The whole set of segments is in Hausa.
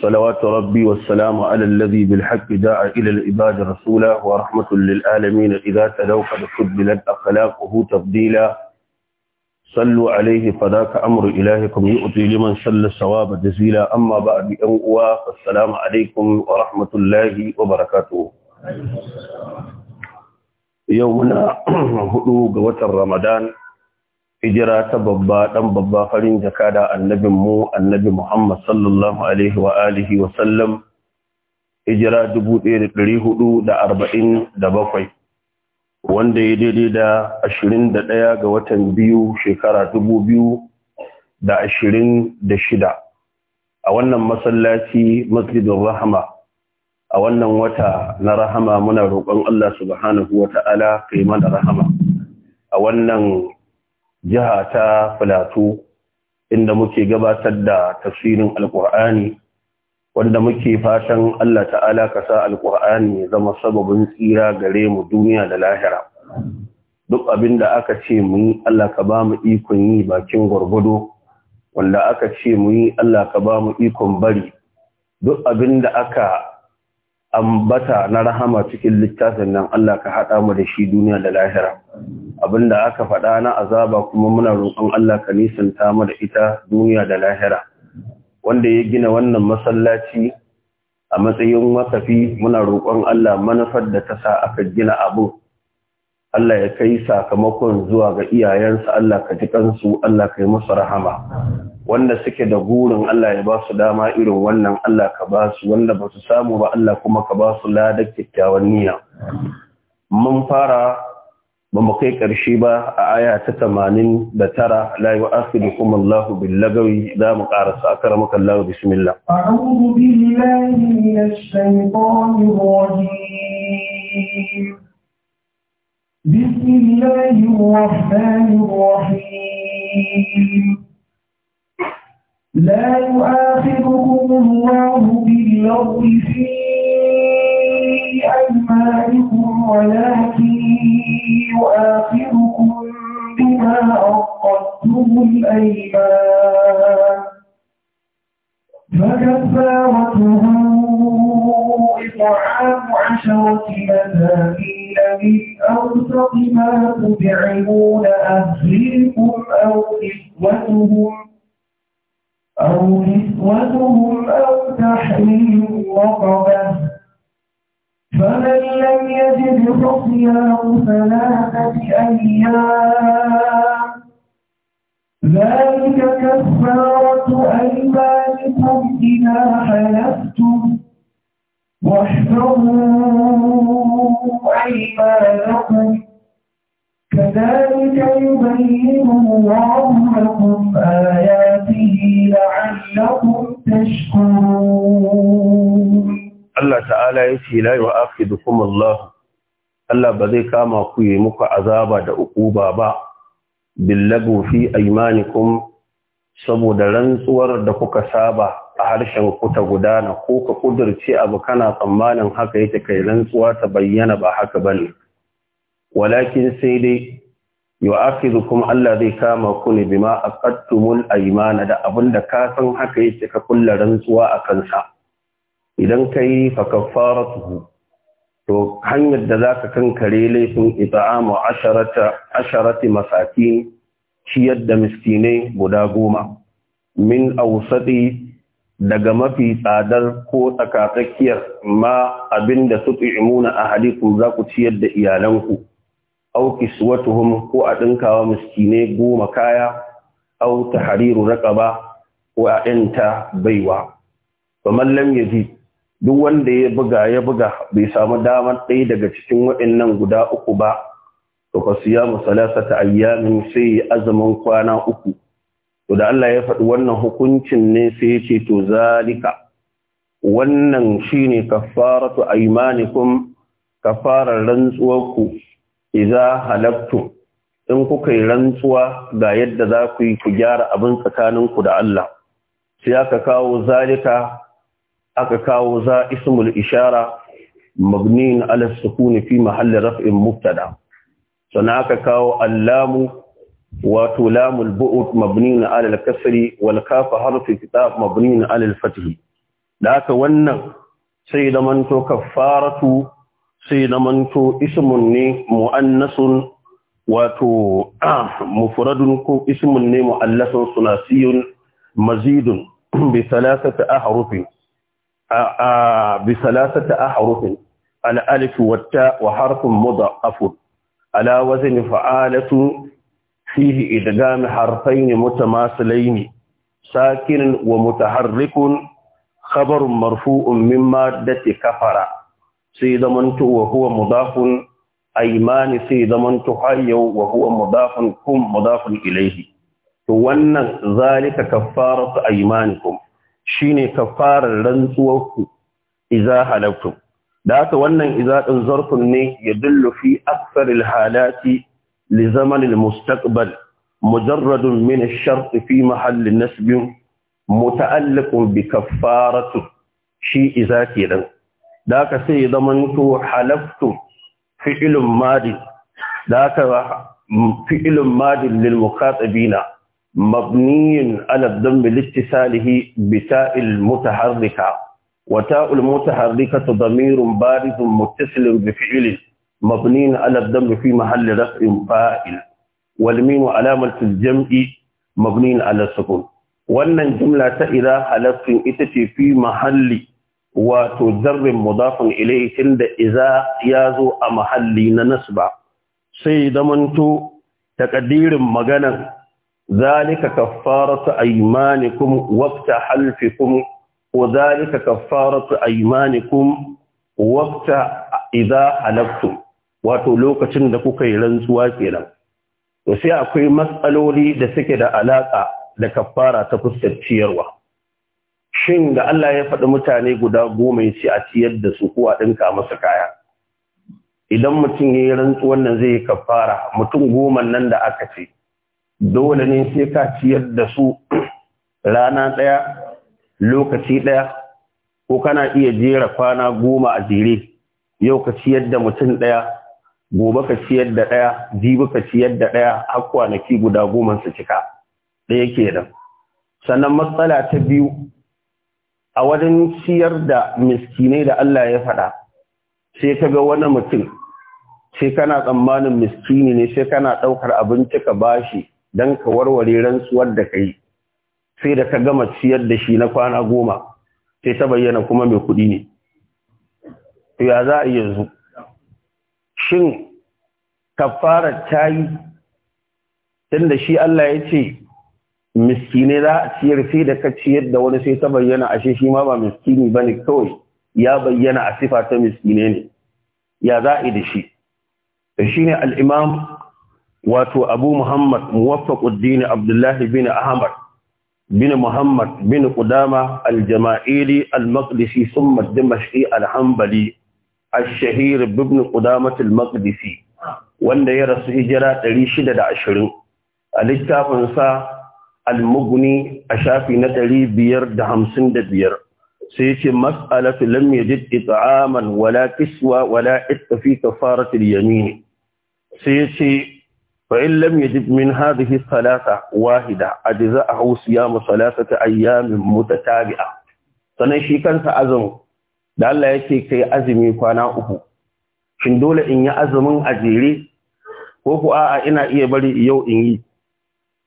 صلوات ربي والسلام على الذي بالحق دعا إلى العباد رسولا ورحمة للعالمين إذا تلو قد فضلت أخلاقه تفضيلا صلوا عليه فذاك أمر إلهكم يؤتي لمن صلى الصواب جزيلا أما بعد أنقوا فالسلام عليكم ورحمة الله وبركاته يومنا هدوء وتر رمضان hijira ta babba dan babba farin jaka da annabin mu annabi Muhammad sallallahu alaihi wa alihi wa sallam hijira 1447 wanda ya daidai da 21 ga watan biyu shekara 2026 a wannan masallaci masjidin rahama a wannan wata na rahama muna roƙon Allah subhanahu wa ta'ala kai mana rahama a wannan jiha ta filato inda muke gabatar da tafsirin alkur'ani wanda muke fatan Allah ta'ala ka sa alkur'ani ya zama sababin tsira gare mu duniya da lahira duk abin da aka ce mu yi Allah ka ba mu ikon yi bakin gwargwado wanda aka ce mu yi Allah ka ba mu ikon bari duk abin da aka ambata na rahama cikin littafin nan Allah ka haɗa mu da shi duniya da lahira abinda aka faɗa na azaba kuma muna roƙon Allah ka nisanta mu da ita duniya da lahira wanda ya gina wannan masallaci a matsayin masafi muna roƙon Allah manufar da ta sa aka gina abu Allah ya kai sakamakon zuwa ga iyayensu, Allah ka ji kansu Allah ka yi musu rahama wanda suke da burin Allah ya ba su dama irin wannan Allah ka ba su wanda ba su samu ba Allah kuma ka ba su ladar kyakkyawan niyya mun fara ba mu kai ƙarshe ba a aya ta tamanin da tara la yi asiru kuma Allah billagawi za mu ƙarasa a karamu kallawa bismillah. أعوذ بالله من الشيطان الرجيم بسم الله الرحمن الرحيم لا يؤاخذكم الله باللغو في أيمانكم ولكن يؤاخذكم بما عقدتم الأيمان فكفارته إطعام عشرة مساكين من أوسط ما تدعمون أهلكم أو كسوتهم أو كسوتهم أو تحليل رقبة فمن لم يجد فصيام ثلاثة أيام ذلك كفارة أيمانكم إذا حلفتم واحفظوا أيمانكم كذلك يبين الله لكم آياته لعلكم تشكرون Allah ta'ala ya ce la kuma Allah Allah ba zai kama ku yi muku azaba da ukuba ba billagu fi kuma. saboda rantsuwar da kuka saba a harshen ku ta gudana ko ka kudurce abu kana tsammanin haka yake kai rantsuwa ta bayyana ba haka bane walakin sai dai kuma Allah zai kama ku ne bima aqattumul aymana da da ka san haka yake ka kulla rantsuwa a kansa idan ka yi fakaffaratuhu to hanyar da za ka kankare laifin ita'amu asharati masakin ciyar da miskinai guda goma min ausadi daga mafi tsadar ko tsakatsakiyar ma abin da su imuna a haliku za ku ciyar da iyalanku au kiswatuhum ko a ɗinkawa miskinai goma kaya au tahriru raqaba ko a ɗinta baiwa faman lam yaji duk wanda ya buga ya buga bai samu damar ɗaya daga cikin waɗannan guda uku ba to fa siyamu salasata ayyamin sai azumin kwana uku to da Allah ya faɗi wannan hukuncin ne sai ya ce to zalika wannan shine kafaratu aymanikum kafarar rantsuwarku idza halaktu in kuka yi rantsuwa ga yadda za ku yi ku gyara abin tsakaninku da Allah sai aka kawo zalika aka kawo za ismul ishara mabnin ala sukuni fi mahalli raf'in mubtada sannan aka kawo allamu wato lamul bu'ut mabnin Alal al-kasri wal kaf harfi kitab mabnin Alal al-fath da aka wannan sai da manto kaffaratu sai da manto ismun ne muannasun wato mufradun ko ismun ne muallasun sunasiyun mazidun bi thalathati ahrufin بثلاثة أحرف الألف والتاء وحرف مضاعف على وزن فعالة فيه إدغام حرفين متماثلين ساكن ومتحرك خبر مرفوع من مادة كفر سيدمنت وهو مضاف أيمان سيدمنت حي وهو مضاف كم مضاف إليه وأن ذلك كفارة أيمانكم shine kafarar ku. idza halaktum da haka wannan idza din zarfun ne yadullu fi akthar halati li zaman al-mustaqbal mujarrad min muhallin shart fi mahall nasb muta'alliq bi kafaratu shi idza kenan da haka sai zaman to halaktum madi da haka mm, fi'lun madi lil muqatabina مبني على الضم لاتصاله بتاء المتحركة وتاء المتحركة ضمير بارز متصل بفعل مبني على الضم في محل رفع فاعل والميم علامة الجمع مبني على السكون wannan jumla ta idza halafin ita ce fi mahalli wato zarrin mudafin ilai tunda iza ya zo a mahalli na nasba sai zamanto takaddirin maganan ذلك كفارة أيمانكم وقت حلفكم وذلك كفارة أيمانكم وقت إذا حلفتم وتلوك تندك كي لنسوا كلا وسيا أكوي da دسك دا علاقة دا تفسد تيروا shin da Allah ya faɗi mutane guda goma ya ce a ciyar da su ko a ɗinka masa kaya idan mutum ya yi rantsuwan nan zai yi kafara mutum goma nan da aka ce dole ne sai ka ciyar da su rana ɗaya lokaci ɗaya ko kana iya jera kwana goma a jere yau ka ciyar da mutum ɗaya gobe ka ciyar da ɗaya jibi ka ciyar da ɗaya har kwanaki guda goma su cika ɗaya kenan sannan matsala ta biyu a wajen ciyar da miskinai da Allah ya faɗa sai ka ga wani mutum sai kana tsammanin miskini ne sai kana ɗaukar abinci ka bashi Dan ka warware rantsuwar da ka yi sai da ka gama ciyar da shi na kwana goma sai ta bayyana kuma mai kuɗi ne ya za a yanzu shin kafara ta yi tunda shi Allah ya ce miskine za a ciyar sai da ka ciyar da wani sai ta bayyana ashe shi ma ba miskini bane kawai ya bayyana a sifa ta miskine ne ya za a yi da shi shi ne al'imam wato abu muhammad muwaffaquddin abdullahi bin ahmad bin muhammad bin ƙudama, al-jama'ili al-maqdisi thumma dimashqi al-hanbali al-shahir ibn qudamah wanda ya rasu hijira 620 a littafinsa almuguni a shafi na 555 sai yace mas'alatu lam yajid it'aman wala kiswa wala itfa kafaratul kafarat yamin sai yace فإن لم يجب من هذه الثلاثة واحدة أجزاءه صيام ثلاثة أيام متتابعة sannan shi kansa azumin da Allah yake kai azumi kwana uku shin dole in yi azumin a jere ko a'a ina iya bari yau in yi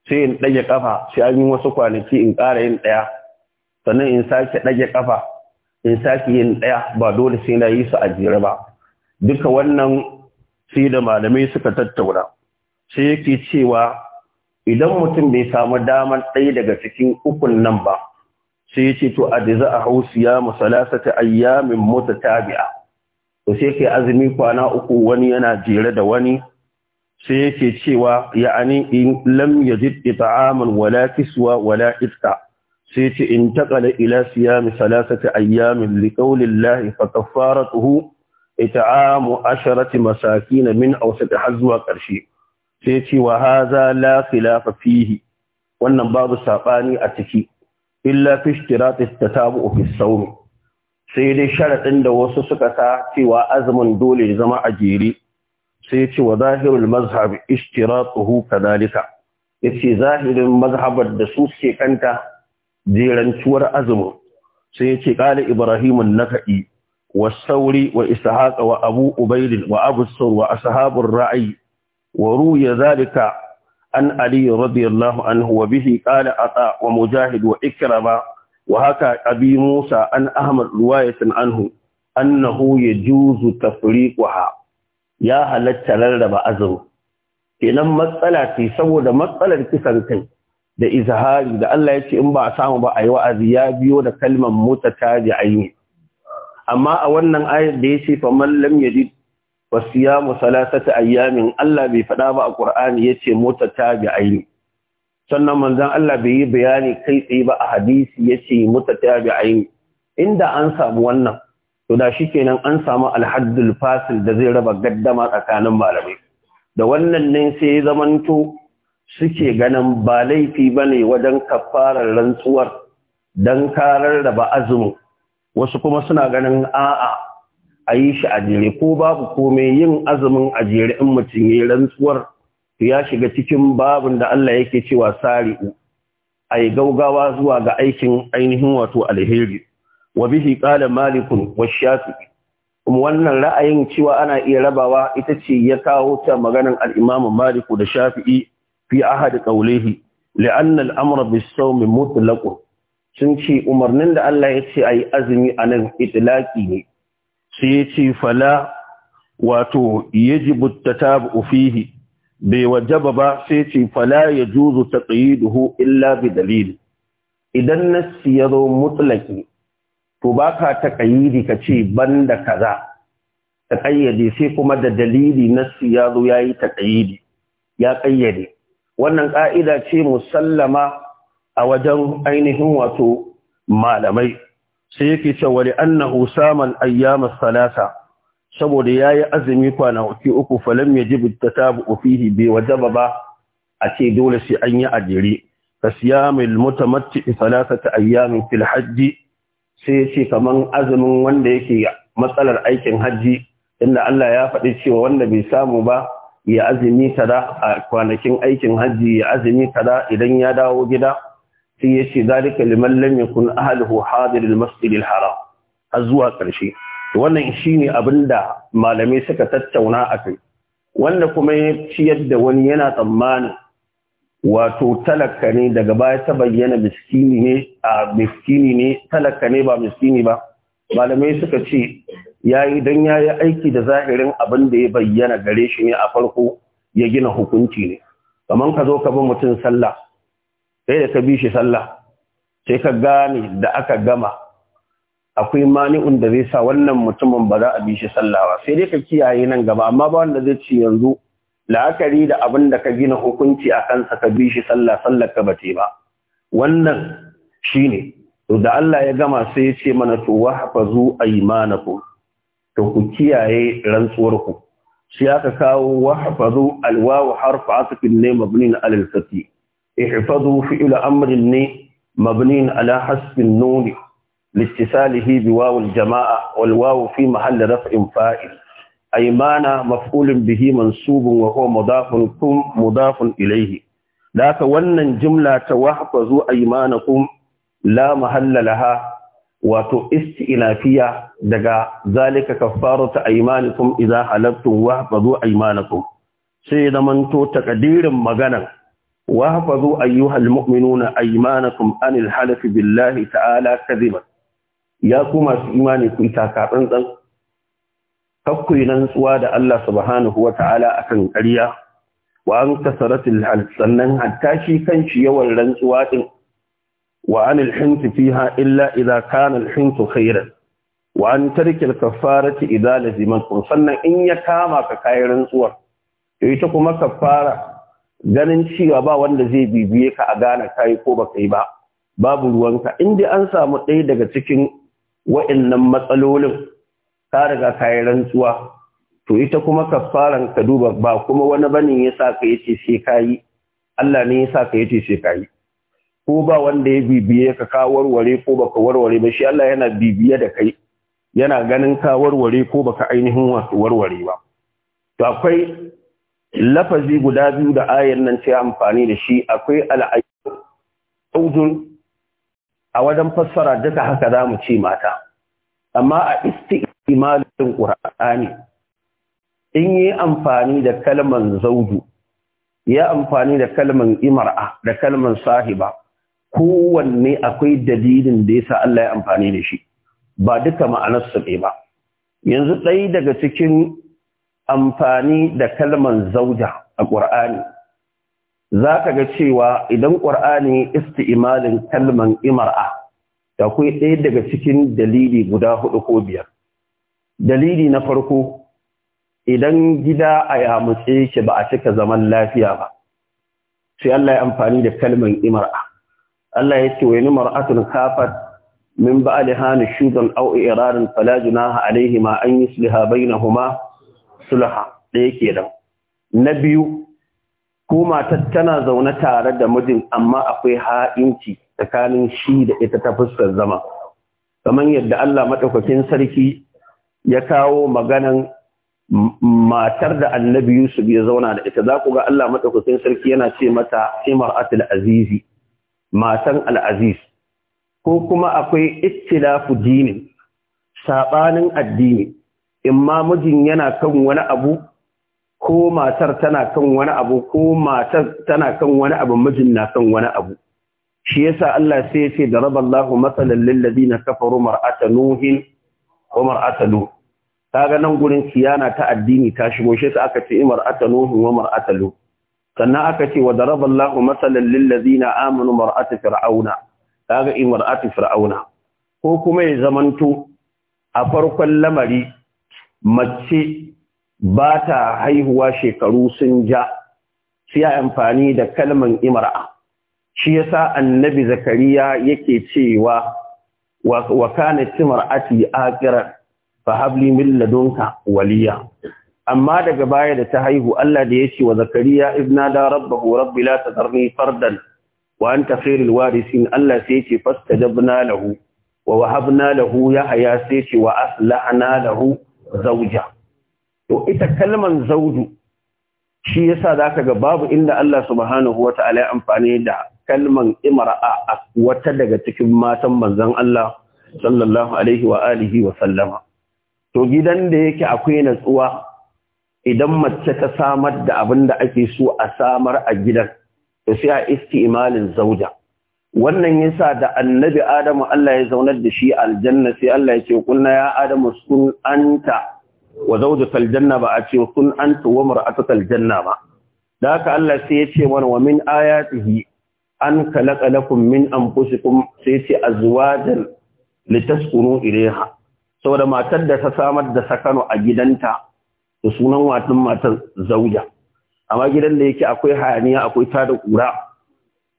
sai in ɗage ƙafa sai an yi wasu kwanaki in ƙara yin ɗaya sannan in sake ɗage ƙafa in sake yin ɗaya ba dole sai na yi su a jere ba duka wannan sai da malamai suka tattauna sai yake cewa idan mutum bai samu damar ɗaya daga cikin ukun nan ba sai ya ce to a da za a hau siya musalasa ayyamin mota tabi'a to sai kai azumi kwana uku wani yana jere da wani sai yake cewa ya'ani in lam yajid ita'aman wala kiswa wala iska sai ce in taqala ila siyami salasati ayyamin liqaulillahi fa kaffaratuhu ita'amu asharati masakin min awsat hazwa ƙarshe. sai ce wa haza la khilafa fihi wannan babu sabani a ciki illa fi ishtirat istatabu fi sawm sai dai sharadin da wasu suka sa cewa azumin dole ya zama a jere sai ce wa zahirul mazhab ishtiratuhu kadalika yace zahirin mazhabar da su ke kanta jerantuwar azumin sai yace qala ibrahim an-nakai والثوري wa وأبو أبيد وأبو wa وأصحاب ra'ayi. وروي ذلك عن علي رضي الله عنه وبه قال عطاء ومجاهد وإكرم وهكا أبي موسى عن أحمد رواية عنه أنه يجوز تفريقها يا هل تلرب أزر Inan matsala ce saboda matsalar kisan kai da izhari da Allah ya ce in ba a samu ba a yi wa'azi ya biyo da kalmar mota ta ji aini amma a wannan ayar da ya ce fa mallam lam yajid wasiyamu salasata ayyamin Allah bai faɗa ba a Qur'ani yace mota ta bi aini. sannan manzon Allah bai yi bayani kai tsaye ba a hadisi yace mota ta bi aini. inda an samu wannan to da shikenan an samu alhaddul fasil da zai raba gaddama tsakanin malamai da wannan ne sai ya zamanto suke ganin ba laifi bane wajen kafarar rantsuwar dan karar da ba azumin wasu kuma suna ganin a'a a yi shi a jere ko babu komai yin azumin a jere in mutum ya rantsuwar to ya shiga cikin babin da Allah yake cewa sari a yi gaugawa zuwa ga aikin ainihin wato alheri wa bihi qala malikun wa shafi'i wannan ra'ayin cewa ana iya rabawa ita ce ya kawo ta maganar al-imam maliku da shafi'i fi ahad qawlihi li'anna al-amra bis-sawmi mutlaqun sun ce umarnin da Allah ya ce ayi azumi anan itlaqi ne sai ya ce fala wato yajibu tatabu fihi bai wajaba ba sai ce fala ya juzu ta taqyiduhu illa bi dalili. idan nassi ya zo mutlaki to ta taqyidi ka ce banda kaza ta kayyade sai kuma da dalili nassi ya zo yayi taqyidi ya kayyade wannan ka'ida ce musallama a wajen ainihin wato malamai sai yake cewa li annahu samal ayyamas salasa saboda yayi azumi kwana uku falam yajibu tatabu fihi bi wajaba ba a ce dole sai an yi ajiri kasiyamil mutamatti salasata ayyamin fil hajji sai yace kaman azumin wanda yake matsalar aikin hajji inda Allah ya faɗi cewa wanda bai samu ba ya azumi kada a kwanakin aikin hajji ya azumi kada idan ya dawo gida sai ya ce zalika liman lam yakun ahlihu hadir al-masjid al-haram har zuwa karshe wannan shine abinda malamai suka tattauna a kai wanda kuma ya ci yadda wani yana tsammani, wato talaka ne daga baya ta bayyana miskini ne a miskini ne talaka ne ba miskini ba malamai suka ce yayi dan yayi aiki da zahirin abin da ya bayyana gare shi ne a farko ya gina hukunci ne Kamar ka zo ka bi mutum sallah Sai da ka bi shi sallah sai ka gane da aka gama akwai mani'un da zai sa wannan mutumin ba za a bi shi sallah ba sai dai ka kiyaye nan gaba amma ba wanda zai ci yanzu la'akari da abin da ka gina hukunci a kansa ka bi shi sallah sallar ka bace ba wannan shine to da Allah ya gama sai ya ce mana to wahfazu aymanakum to ku kiyaye rantsuwar ku shi aka kawo wahfazu alwawu harfu asfin ne mabni ala al-fatih احفظوا فعل امر ني مبني على حسب النون لاتصاله بواو الجماعه والواو في محل رفع فاعل ايمان مفعول به منصوب وهو مضاف كم مضاف اليه ذاك wannan jimla ta wahfazu aymanakum la mahalla laha wato istilafiya daga zalika kaffaratu aymanikum idza halaftum wahfazu aymanakum sai zamanto takadirin maganan واحفظوا أيها المؤمنون أيمانكم عن الحلف بالله تعالى كذبا يا كما إيماني كنت كاتنزل تقوي ننسوا دا الله سبحانه وتعالى أكن كريا وأن كسرت الحلف سنن حتى شي كان شي يوان رنسوا وعن الحنث فيها إلا إذا كان الحنث خيرا وعن ترك الكفارة إذا لزمتكم سنن إن يكاما كايرنسوا يتقوم كفارة ganin cewa ba wanda zai bibiye ka a gane kai ko ba kai ba babu ruwanka in dai an samu ɗaya daga cikin wa'annan matsalolin ka riga kayi rantsuwa to ita kuma kafaran ka duba ba kuma wani bane ya sa ka yace sai ka yi. Allah ne ya sa ka yace sai ka yi. ko ba wanda ya bibiye ka ka warware ko baka warware ba shi Allah yana bibiye da kai yana ganin ka warware ko baka ainihin wasu warware ba to akwai lafazi guda biyu da ayar nan ce amfani da shi akwai al'ayyar a wajen fassara duka haka za mu ce mata amma a isti'imalin ƙur'ani in yi amfani da kalman zaudu, ya amfani da kalman imar'a da kalman sahiba kowanne akwai dalilin da ya sa Allah ya amfani da shi ba duka ma'anar su ba yanzu ɗaya daga cikin amfani da kalman zauja a ƙur'ani za ka ga cewa idan ƙur'ani isti'imalin kalman imar'a da akwai ɗaya daga cikin dalili guda hudu ko biyar dalili na farko idan gida a yamutse shi ba a cika zaman lafiya ba sai Allah ya amfani da kalman imar'a Allah ya ce wa ni mar'atun kafat من بعدها نشوزا أو an yi su liha bai na بينهما sulha ɗaya kenan na biyu ko matar tana zaune tare da mijin amma akwai ha'inci tsakanin shi da ita ta fuskar zama kamar yadda Allah madaukakin sarki ya kawo maganan matar da annabi Yusuf ya zauna da ita za ku ga Allah madaukakin sarki yana ce mata imaratul azizi matan al ko kuma akwai ittilafu dini sabanin addini in ma mijin yana kan wani abu ko matar tana kan wani abu ko matar tana kan wani abu mijin na kan wani abu shi yasa Allah sai ya ce da raballahu masalan lil ladina kafaru mar'ata nuhin wa mar'ata lut kaga nan gurin kiyana ta addini ta shigo shi yasa aka ce mar'ata nuhin wa mar'ata lut sannan aka ce wa daraballahu masalan lil ladina amanu mar'ata fir'auna kaga in mar'ata fir'auna ko kuma ya zamanto a farkon lamari mace ba ta haihuwa shekaru sun ja sai ya amfani da kalman imar'a shi yasa annabi zakariya yake cewa wa kana timra'ati aqira fa habli min ladunka waliya amma daga baya da ta haihu Allah da ya ce wa zakariya ibna da rabbahu rabbi la tadarni fardan wa anta khairul warisin Allah sai yace fastajabna lahu wa wahabna lahu haya sai ce wa aslahna lahu zauja to ita kalman zaudu shi yasa zaka ga babu inda Allah subhanahu wata'ala ya amfani da kalman imra'a wata daga cikin matan manzon Allah sallallahu alaihi wa alihi wa sallama to gidan da yake akwai natsuwa idan mace ta samar da abin da ake so a samar a gidan to sai a istimalin zauja wannan yasa da annabi adamu Allah ya zaunar da shi aljanna sai Allah ya ce kunna ya adamu sun anta wa zawjata janna ba a ce sun anta wa mar'atuka janna ba da haka Allah sai ya ce mana wa min ayatihi an khalaqa lakum min anfusikum sai ya ce azwajan litaskunu ilayha saboda matar da ta samar da sakano a gidanta da sunan watan matar zauja amma gidan da yake akwai hayaniya akwai tada kura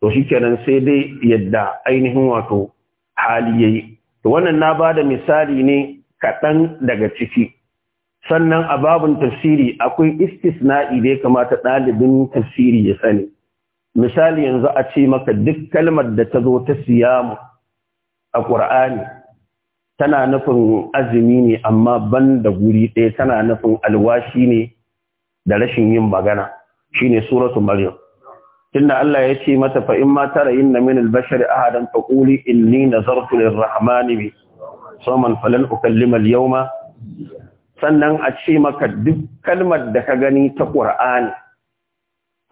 to kenan sai dai yadda ainihin wato hali yayi to wannan na bada misali ne kaɗan daga ciki sannan a babun tafsiri akwai istisna'i da ya kamata ɗalibin tafsiri ya sani misali yanzu a ce maka duk kalmar da ta zo ta siyamu a ƙur'ani tana nufin azumi ne amma ban da guri ɗaya tana nufin alwashi ne da rashin yin magana shine suratu maryam tunda Allah ya ce mata fa in ma tara inna min al-bashari ahadan faquli inni nazartu lir-rahmani sawman falan ukallima al sannan a ce maka duk kalmar da ka gani ta Qur'ani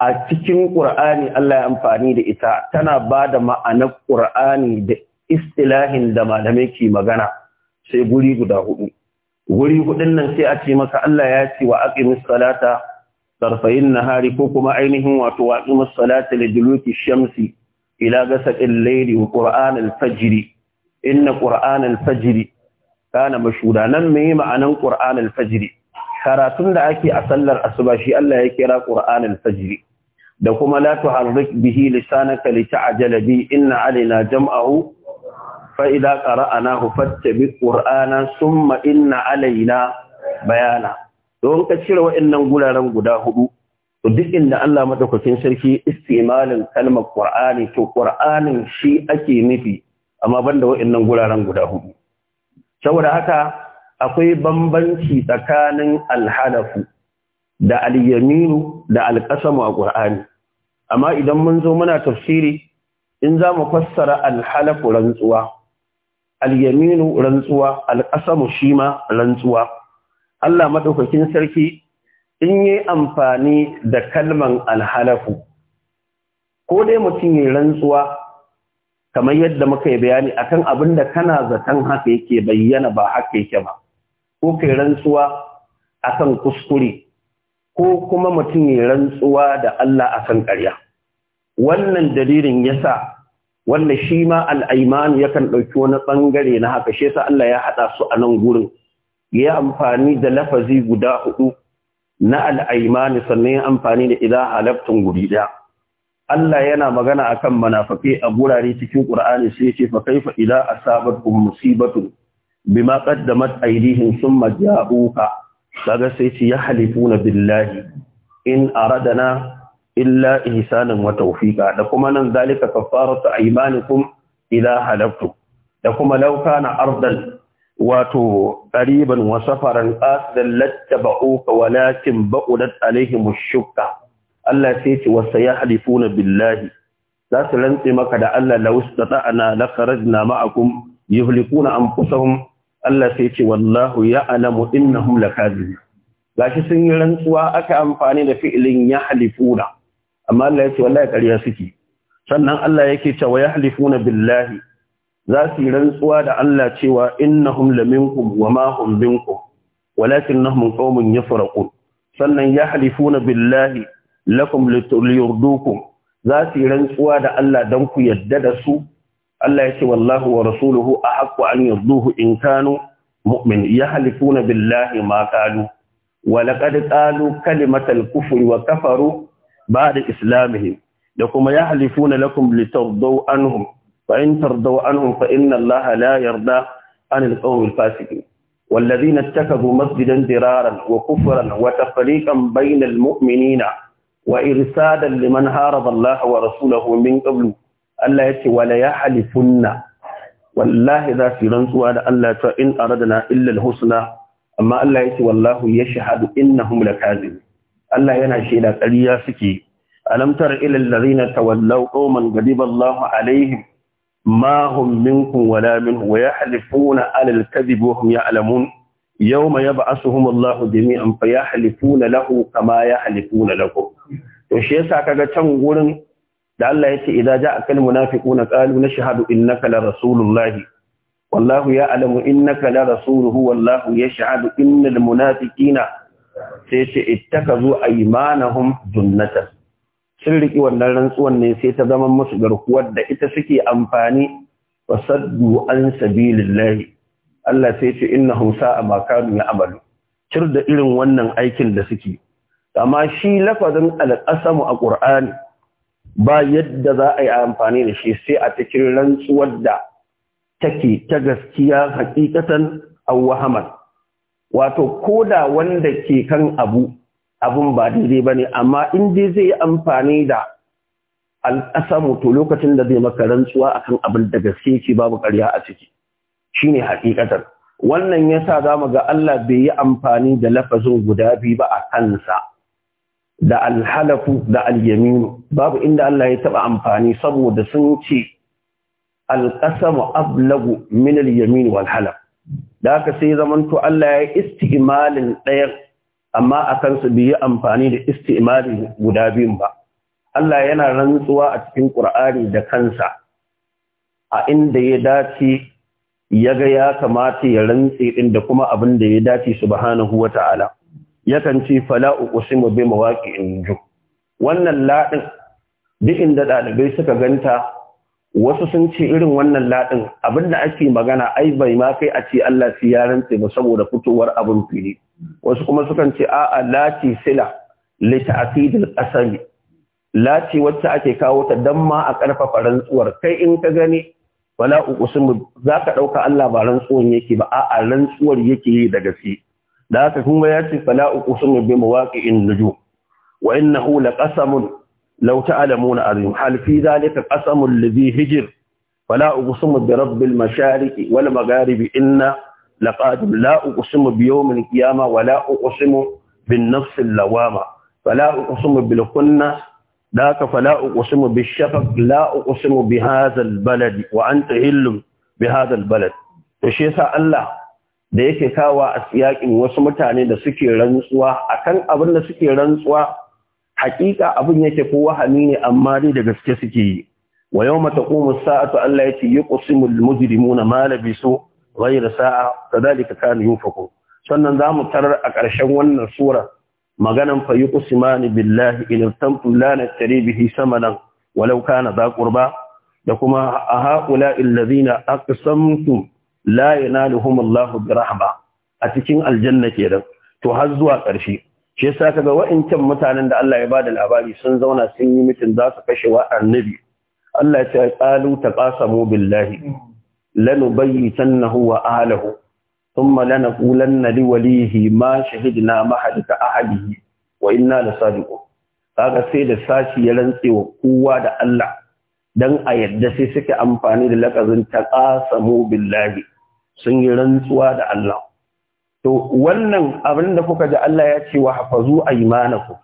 a cikin Qur'ani Allah ya amfani da ita tana ba da ma'anar Qur'ani da istilahin da malamai ke magana sai guri guda hudu guri hudun nan sai a ce maka Allah ya ce wa aqimis salata tarfayin na hari ko kuma ainihin wato waƙi masalata da juluki shamsi ila gasa ƙillairi wa ƙura'an alfajiri inna ƙura'an alfajiri ta na mashuda nan mai ma'anan ƙura'an alfajiri karatun da ake a sallar asuba shi Allah ya kira ƙura'an alfajiri da kuma la tu bihi lisanaka li ta'jala bi inna alaina jam'ahu fa idza qara'nahu fattabi ƙur'ana thumma inna alaina bayana don ka cire waɗannan guraren guda hudu to duk inda Allah madaukakin sarki istimalin kalmar Qur'ani to Qur'anin shi ake nufi amma banda waɗannan guraren guda hudu saboda haka akwai bambanci tsakanin alhalafu da alyaminu da alqasamu a Qur'ani amma idan mun zo muna tafsiri in za mu fassara alhalafu rantsuwa alyaminu rantsuwa alqasamu shima rantsuwa Allah madaukakin sarki in yi amfani da kalman alhalafu ko dai mutum yi rantsuwa kamar yadda muka yi bayani akan abin da kana zaton haka yake bayyana ba haka yake ba ko kai rantsuwa akan kuskure ko kuma mutum yi rantsuwa da Allah akan ƙarya wannan dalilin yasa wanda shi ma al'aiman yakan ɗauki wani ɓangare na haka shi yasa Allah ya haɗa su a nan gurin ya amfani da lafazi guda hudu na al'aimani sannan ya amfani da idan halaftun guri ɗaya. Allah yana magana akan manafafe a gurare cikin Ƙur'ani sai ce fa kaifa sabar kun musibatu bima qaddamat aydihim thumma ja'uka kaga sai ce yahlifuna billahi in aradana illa ihsanan wa tawfiqa da kuma nan zalika kaffaratu aymanikum idza halaftum da kuma law kana ardan wato ƙariban wasafaran ƙasidan lattaba'u walakin ba'udat alaihim shukka Allah sai ce wasa ya halifuna billahi za su rantse maka da Allah la wastata'ana la kharajna ma'akum yuhlikuna anfusahum Allah sai ce wallahu inna ya'lamu innahum Ga shi sun yi rantsuwa aka amfani da fi'ilin ya yahlifuna amma Allah ya ce wallahi ƙarya suke sannan Allah yake cewa yahlifuna billahi za su yi rantsuwa da Allah cewa innahum laminkum wa ma hum minkum walakinnahum qaumun yafraqun sannan yahlifuna billahi lakum liyurdukum za su yi rantsuwa da Allah dan ku yadda da su Allah ya ce wallahu wa rasuluhu ahaqqu an yurduhu in kanu mu'min yahlifuna billahi ma qalu wa laqad qalu kalimatal kufri wa kafaru ba'da islamihim da kuma yahlifuna lakum litardaw anhum فإن ترضوا عنهم فإن الله لا يرضى عن القوم الفاسقين والذين اتخذوا مسجدا درارا وكفرا وتفريقا بين المؤمنين وإرسادا لمن هارب الله ورسوله من قبل الله يتي ولا يحلفن والله ذا في رنسوا الله إن أردنا إلا الحسنى أما الله يتي والله يشهد إنهم لكاذبون الله ينا شيء لا تليا سكي ألم تر إلى الذين تولوا قوما غضب الله عليهم ma hum minkum wala minhu wa yahlifuna ala kadhib wa hum ya'lamun yawma yab'asuhum Allahu jami'an fa yahlifuna lahu kama yahlifuna lakum to shi yasa kaga can gurin da Allah yace idza ja'aka al-munafiquna qalu nashhadu innaka la rasulullahi wallahu ya'lamu innaka la rasuluhu wallahu yashhadu innal munafiqina sai ce ittakazu aymanahum junnatan sun riƙi wannan rantsuwan ne sai ta zama musu garkuwar da ita suke amfani wa saddu an sabilillahi Allah sai ce innahum sa'a ma kanu amalu. cir da irin wannan aikin da suke amma shi lafazin alqasamu a Qur'ani ba yadda za a yi amfani da shi sai a cikin rantsuwar da take ta gaskiya hakikatan aw wato wato da wanda ke kan abu abun ba daidai ba ne amma in dai zai yi amfani da alƙasamu to lokacin da zai maka rantsuwa akan abin da gaske yake babu ƙarya a ciki shine hakikatar wannan yasa zamu ga Allah bai yi amfani da lafazin guda biyu ba a kansa da alhalafu da alyaminu babu inda Allah ya taba amfani saboda sun ce alƙasamu ablagu min alyamin wal da haka sai zamanto Allah ya yi istimalin ɗayan amma a kansu bai yi amfani da istimari guda biyun ba Allah yana rantsuwa a cikin ƙur'ani da kansa a inda ya dace ya ga ya kamata ya rantse ɗin, da kuma abin da ya dace subhanahu ta'ala yakan ce fala mu bi in ju. wannan laɗin, duk inda ɗalibai suka ganta wasu sun ce irin wannan laɗin. abin da ake magana ai bai ma kai a ce Allah fi ya rantse ba saboda fitowar abin fili wasu kuma sukan ce a'a lati sila li ta'tidil qasami lati wacce ake kawo ta dan ma a karfafa rantsuwar kai in ka gani wala uqsimu zaka dauka Allah ba rantsuwan yake ba a'a rantsuwar yake yi da gaske da haka kun ya yace fala uqsimu bi mawaqi'in nujum wa innahu laqasamun law ta'lamuna azim hal fi dhalika qasamul ladhi hijr rabbil أقسم برب magaribi والمغارب إنا لقد لا أقسم بيوم القيامة ولا أقسم بالنفس اللوامة فلا أقسم بالكنة ذاك فلا أقسم بالشفق لا أقسم بهذا البلد وأنت هل بهذا البلد وشيسا الله da yake kawa a siyakin wasu mutane da suke rantsuwa akan abin da suke rantsuwa hakika abin yake ko wahami ne amma dai da gaske suke yi wa yawma taqumu as-sa'atu Allah yace yi al-mujrimuna ma labisu ghayr sa'a kadhalika kan yunfaqu sannan zamu tarar a ƙarshen wannan sura maganan fa usmani billahi in tanfu la natari bihi samanan walau kana za qurba da kuma haula alladhina aqsamtum la yanaluhum Allahu birahma a cikin aljanna kenan to har zuwa ƙarshe shi yasa kaga wa'incan mutanen da Allah ya bada labari sun zauna sun yi mitin za su kashe wa annabi Allah ya ce qalu taqasamu billahi لنبيتنه وأهله ثم لنقولن لوليه ما شهدنا محدث أحده وإنا لصادقون kaga sai da sashi ya rantse wa kowa da Allah dan a yadda sai suke amfani da lakazin taqasamu billahi sun yi rantsuwa da Allah to wannan abin da kuka ji Allah ya ce wa hafazu aymanakum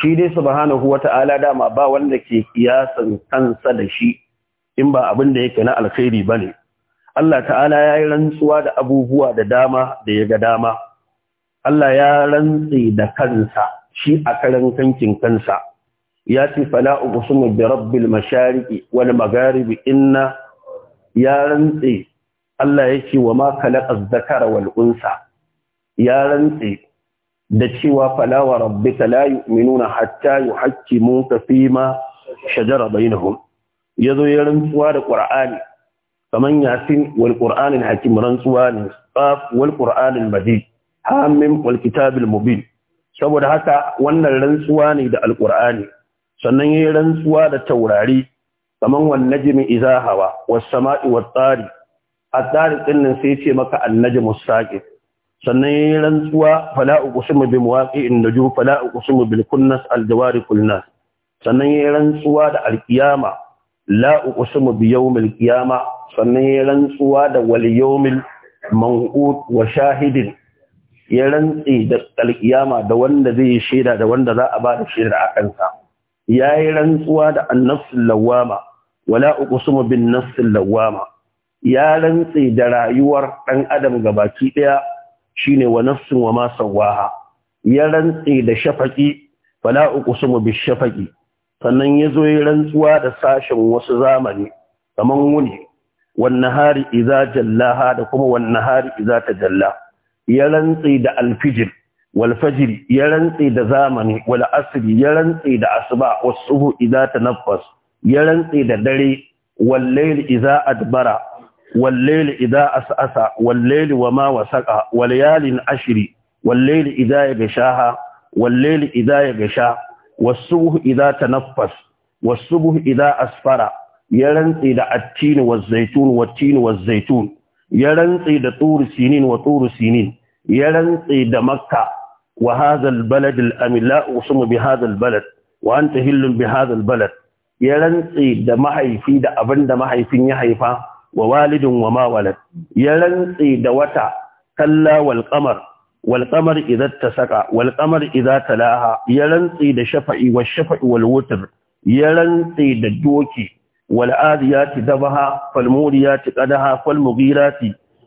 shi dai subhanahu wata'ala dama ba wanda ke kiyasan kansa da shi in ba abin da yake na alkhairi bane Allah ta'ala ya yi rantsuwa da abubuwa da dama da ya ga dama. Allah ya rantsi da kansa, shi a karan kankin kansa. Ya ce, Fala uqsimu bi rabbil mashariƙi, wani magaribi inna ya rantsi Allah ya ce wa ma khalaqa zakara wal unsa. Ya rantsi da cewa fala wa rabbika la yu'minuna hatta fi ma shajara bainahum. Yazo ya rantsuwa da Qur'ani kaman yasin wal qur'anil hakim rantsuwa ne qaf wal qur'anil majid hamim wal kitabil mubin saboda haka wannan rantsuwa ne da alƙur'ani. sannan yayin rantsuwa da taurari kaman wan najmi iza hawa was sama'i wat tari at-tari din nan sai ce maka an-najmu saqi sannan yayin rantsuwa fala uqsimu bi mawaqi'in nujum fala uqsimu bil kunnas al-jawari kunnas sannan yayin rantsuwa da alqiyama la uqsimu bi yawmil qiyama sannan ya rantsuwa da wal yawmil wa shahidin ya rantsi da ƙalƙiyama da wanda zai yi shaida da wanda za a ba da shaida a kansa ya yi rantsuwa da annafsul lawwama wala uqsimu bin nafsil lawwama ya rantsi da rayuwar dan adam gabaki daya shine wa nafsin wa ma sawaha ya rantsi da shafaqi fala uqsimu bish shafaqi sannan ya zo yi rantsuwa da sashen wasu zamani kamar wuni wannan hari iza jallaha da kuma wannan hari iza ta jalla ya rantsi da alfijir wal fajr ya rantsi da zamani wal asr ya rantsi da asuba was subh ta tanaffas ya rantsi da dare wal layl iza adbara wal layl iza asasa wal layl wama wasaqa wal yalin ashri wal layl iza yagsha wal layl iza yagsha والصبح إذا تنفس والصبح إذا أسفر يرنطي دا التين والزيتون والتين والزيتون يرنطي دا طور سنين وطور سنين يرنطي دا مكة وهذا البلد الأمن لا أقسم بهذا البلد وأنت هل بهذا البلد يرنطي دا محيفي دا أبن دا محيفين يحيفا ووالد وما ولد يرنطي دا وتا كلا والقمر Walƙamar qamar ta saka. Walƙamar qamar ta laha. ya rantse da shafa'i wal shafa'i wal ya rantse da doki wal adiyati dabaha fal muriyati qadaha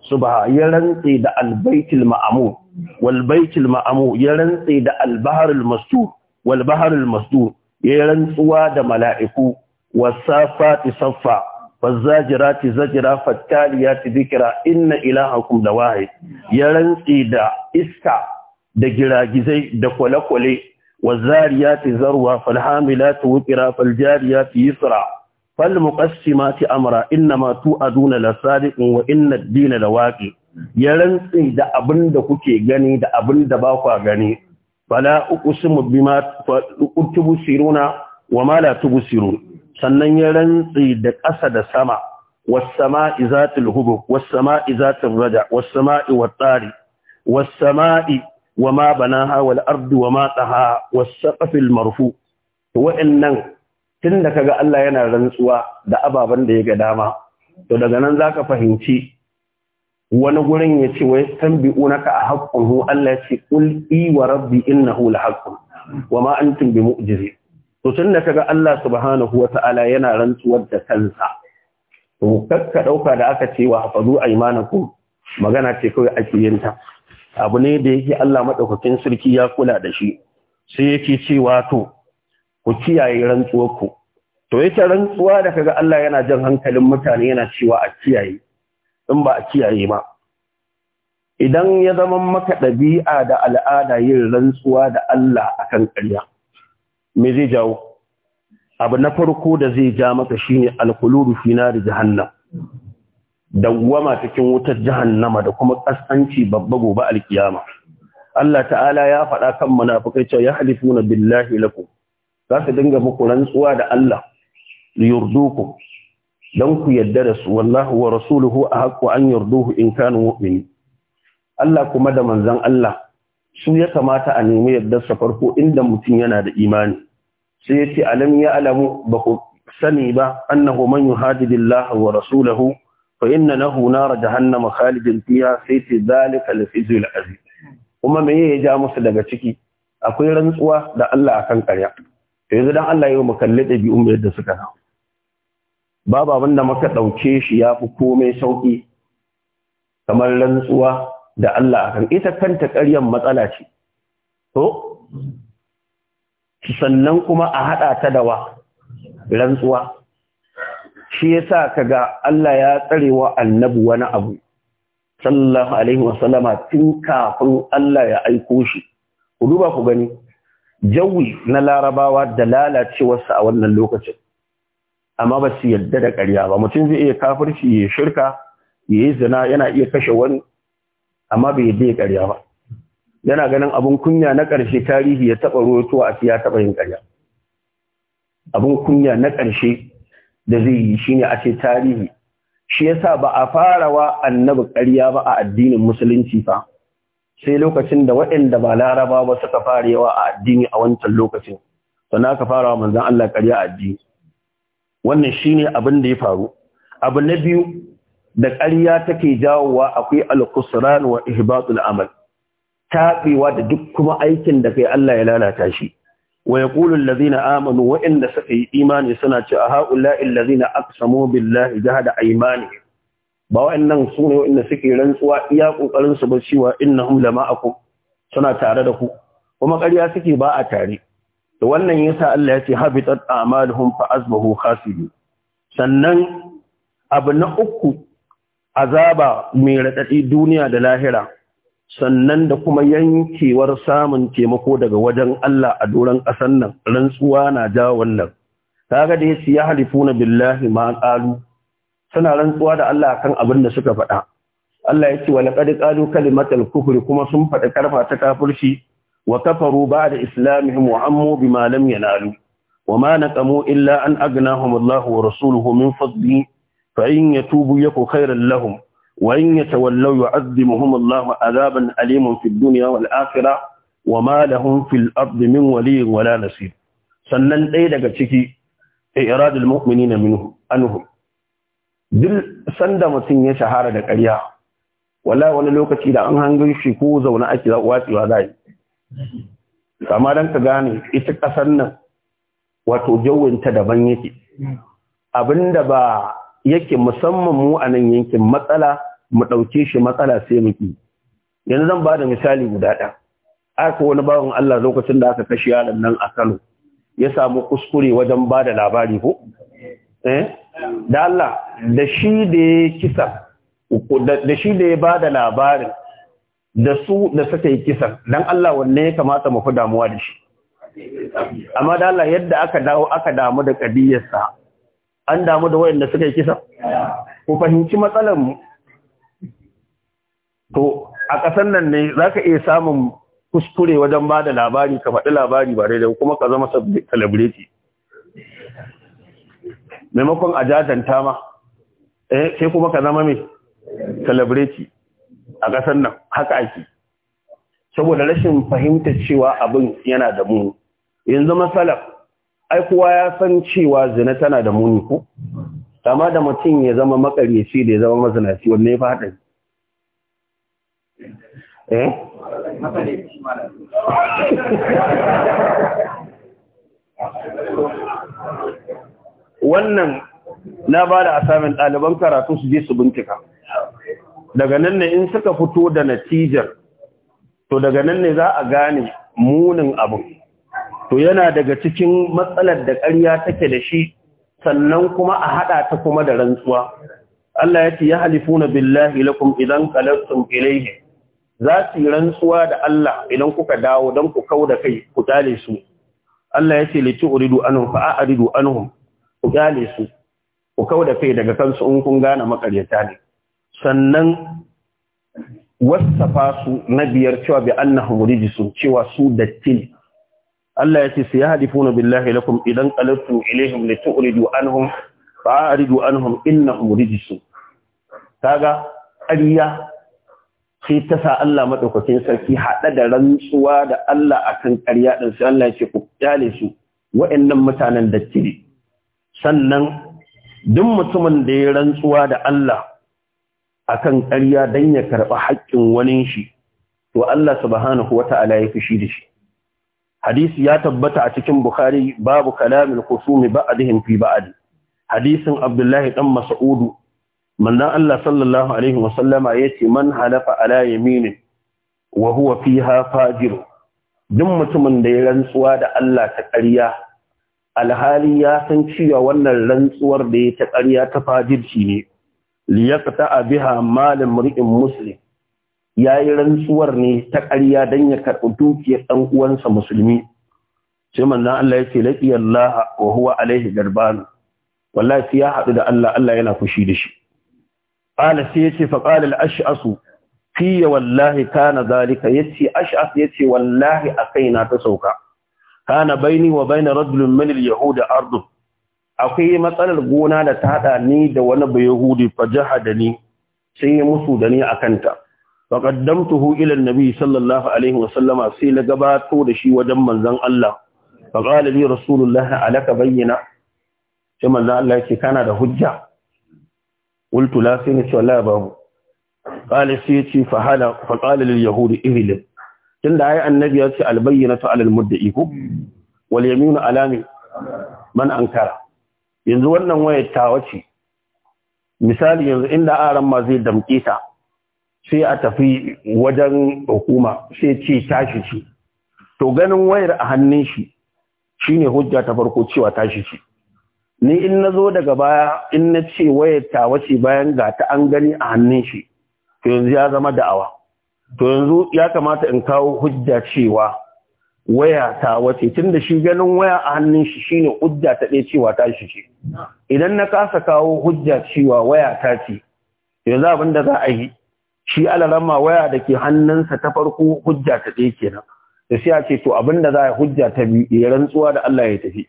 subha ya rantsi da al baitul ma'mur wal baitul ma'mur ya rantse da al bahr al mastur wal bahr al mastur ya rantsuwa da mala'iku wasafati saffa fazzajirati zajira fattaliyati dhikra inna ilahakum lawahid ya rantsi da iska da giragizai da kwale-kwale wazzariyati zarwa falhamilati wuqira faljariyati yusra falmuqassimati a innama tu'aduna lasadiqun wa inna ad-dina lawaqi ya rantsi da abinda kuke gani da abinda ba ku gani Bala uqsimu bima tubsiruna wa ma la tubsirun sannan ya rantsi da ƙasa da sama was-sama'i zatil hubub was-sama'i raja was-sama'i wat-tari wa samai banaha wal-ardi wama taha was marfu to wa'annan tunda kaga Allah yana rantsuwa da ababan da ya ga dama to daga nan zaka fahimci wani gurin ya ce wai tambi'unaka a haqqun Allah ya ce qul i wa rabbi innahu la haqqun wama antum bimu'jizin to tun da kaga Allah subhanahu wata'ala yana rantsuwar da kansa to kakka dauka da aka ce wa hafazu aymanakum magana ce kawai ake yin ta abu ne da yake Allah madaukakin sarki ya kula da shi sai yake cewa to ku kiyaye rantsuwar ku to ita rantsuwa da kaga Allah yana jan hankalin mutane yana cewa a kiyaye in ba a kiyaye ba idan ya zama maka ɗabi'a da al'ada yin rantsuwa da Allah akan ƙarya me zai jawo abu na farko da zai ja maka shine alkhuludu fi da jahannam dawwama cikin wutar jahannama da kuma kasanci babba gobe alkiyama Allah ta'ala ya faɗa kan munafikai cewa yahlifuna billahi lakum za su dinga muku rantsuwa da Allah liyurdukum dan ku yadda da su wallahu wa rasuluhu ahqqu an yurduhu in kanu mu'minin Allah kuma da manzon Allah su ya kamata a nemi yadda sa farko inda mutum yana da imani sai ya ce alam ya alamu ba ku sani ba annahu man yuhadidillah wa rasulahu fa inna lahu nar jahannama khalidin fiha sai ce zalika al-fizul azim kuma me ya ja musu daga ciki akwai rantsuwa da Allah akan ƙarya to yanzu dan Allah yau makalle ɗabi'un mai yadda suka kawo babu abin da muka ɗauke shi ya fi komai sauƙi kamar rantsuwa da Allah akan ita kanta ƙaryan matsala ce to sannan kuma a haɗa ta da wa, rantsuwa shi yasa kaga Allah ya tsare wa annabi wani abu sallallahu alaihi wasallama tun kafin Allah ya aiko shi ku duba ku gani jawi na larabawa da lalacewarsa a wannan lokacin amma ba su yadda da ƙarya ba mutum zai iya kafirci ya shirka ya yi zina yana iya kashe wani amma bai yadda ya ƙarya ba yana ganin abin kunya na ƙarshe tarihi ya taɓa roto a ya taɓa yin ƙarya abin kunya na ƙarshe da zai yi shine a ce tarihi shi yasa ba a farawa annabi ƙarya ba a addinin musulunci fa sai lokacin da waɗanda ba laraba ba suka fara yawa a addini a wancan lokacin sannan aka farawa manzan Allah ƙarya a addini wannan shine abin da ya faru abu na biyu da ƙarya take jawowa akwai al wa ihbatul amal taɓewa da duk kuma aikin da kai Allah ya lalata shi wa yaqulu allazina amanu wa suka yi imani suna ce a haula allazina aqsamu billahi jahada aymani ba wa'annan su ne wa'anda suke rantsuwa iya ƙoƙarin su ba cewa innahum lama'akum suna tare da ku kuma ƙarya suke ba a tare da wannan yasa Allah ya ce habitat a'maluhum fa asbahu khasibin sannan abu na uku azaba mai raɗaɗi duniya da lahira sannan da kuma yankewar samun taimako daga wajen Allah a doron ƙasar nan rantsuwa na ja wannan kaga da yace ya halifuna billahi ma qalu suna rantsuwa da Allah kan abin da suka faɗa Allah yace wa laqad qalu kalimatal kufri kuma sun faɗi karfa ta kafirci wa kafaru ba'da islamihim wa ammu bima lam yanalu illa an إلا أن wa rasuluhu ورسوله من فضله فإن يتوبوا يكو خيرا لهم وإن يتولوا يعذبهم الله عذابا أليما في الدنيا والآخرة وما لهم في الأرض من ولي ولا نصير sannan ɗaya daga ciki iradul mu'minina na anhum duk sanda mutum ya shahara da ƙarya wala wani lokaci da an hangar shi ko zaune ake watsewa za yi amma don ka gane ita ƙasar nan wato jawinta daban yake abinda ba yake musamman mu a nan yankin matsala mu ɗauke shi matsala sai mu ƙi yanzu zan ba da misali guda ɗaya aka wani bawan Allah lokacin da aka kashe yaron nan a Kano ya samu kuskure wajen ba da labari ko eh da Allah da shi da ya kisa da shi da ya ba da labarin da su da suka yi kisan dan Allah wanne ya kamata mu fi damuwa da shi amma da Allah yadda aka dawo aka damu da kadiyarsa an damu da wayanda suka yi kisa ku fahimci matsalar mu to a ƙasar nan ne za ka iya samun kuskure wajen ba da labari ka faɗi labari ba daidai kuma ka zama celebrity maimakon a jajanta ma eh sai kuma ka zama mai celebrity a ƙasar nan haka ake saboda rashin fahimta cewa abin yana da muni yanzu masala ai kowa ya san cewa zina tana da muni ko amma da mutum ya zama makaryaci da ya zama mazinaci wanne ya fi haɗari Eh? wannan na ba da asamin ɗaliban karatu su je su bincika daga nan ne in suka fito da natijar to daga nan ne za a gane munin abu to yana daga cikin matsalar da ƙarya take da shi sannan kuma a haɗa ta kuma da rantsuwa Allah ya ce ya halifuna billahi lakum idan sun ilayhi za su yi rantsuwa da Allah idan kuka dawo don ku kau da kai ku kyale su Allah ya ce litu uridu anhum fa a'ridu anhum ku kyale su ku kau da kai daga kansu in kun gane makaryata ne sannan wasafa su na biyar cewa bi annahum rijsun cewa su datti Allah ya ce su yahdifuna billahi lakum idan qalatu ilaihim litu uridu anhum fa a'ridu anhum innahum rijsun kaga ƙarya sai ta sa Allah maɗaukakin sarki haɗa da rantsuwa da Allah a kan ƙarya ɗin sai Allah ya ce ku ƙyale su wa'annan mutanen da sannan duk mutumin da ya rantsuwa da Allah akan ƙarya don ya karɓi haƙƙin wani shi to Allah subhanahu Ta'ala ya fushi da shi hadisi ya tabbata a cikin bukhari babu kalamil kusumi ba'dihim fi ba'adi. hadisin abdullahi ɗan mas'udu manzon Allah sallallahu alaihi wasallama yace man halafa ala yamini wa huwa fiha fajir duk mutumin da ya rantsuwa da Allah ta ƙarya alhali ya san cewa wannan rantsuwar da ya ta ƙarya ta fajirci ne liyaqta biha mal mar'in muslim yayi rantsuwar ne ta ƙarya dan ya karɓi dukiyar ɗan uwansa musulmi sai manna Allah yace laqiya Allah wa huwa alaihi garban wallahi ya haɗu da Allah Allah yana fushi da shi qala sai yace fa qala al-ash'asu fiye wallahi kana zalika yace ash'as yace wallahi a na ta sauka kana baini wa baina rajulin min yahuda ardu akwai matsalar gona da ta haɗa ni da wani ba yahudi fa jahada ni sai ya musu da ni a kanta. fa qaddamtuhu nabi sallallahu alaihi wa sallama sai na gabato da shi wajen manzon Allah fa qala li rasulullahi alaka bayyana sai Allah kana da hujja qultu sai ni ce wallahi babu qala sai ya ce fa hala fa yahudi ihli tunda ai annabi ya ce al bayyinatu ala al mudda'i ko wal yaminu ala man ankara yanzu wannan wayar ta wace misali yanzu inda aran ma zai damƙe ta sai a tafi wajen hukuma sai ce tashi ce to ganin wayar a hannun shi shine hujja ta farko cewa tashi ce ni in na zo daga baya in na ce wayar ta wace bayan ga ta an gani a hannun shi to yanzu ya zama da'awa to yanzu ya kamata in kawo hujja cewa waya ta wace tunda shi ganin waya a hannun shi shine hujja ta ɗaya cewa ta shi ce idan na kasa kawo hujja cewa waya ta ce yanzu abin da za a yi shi alalama waya da ke hannunsa ta farko hujja ta ɗaya kenan da sai a ce to abin da za a hujja ta biyu ya rantsuwa da Allah ya tafi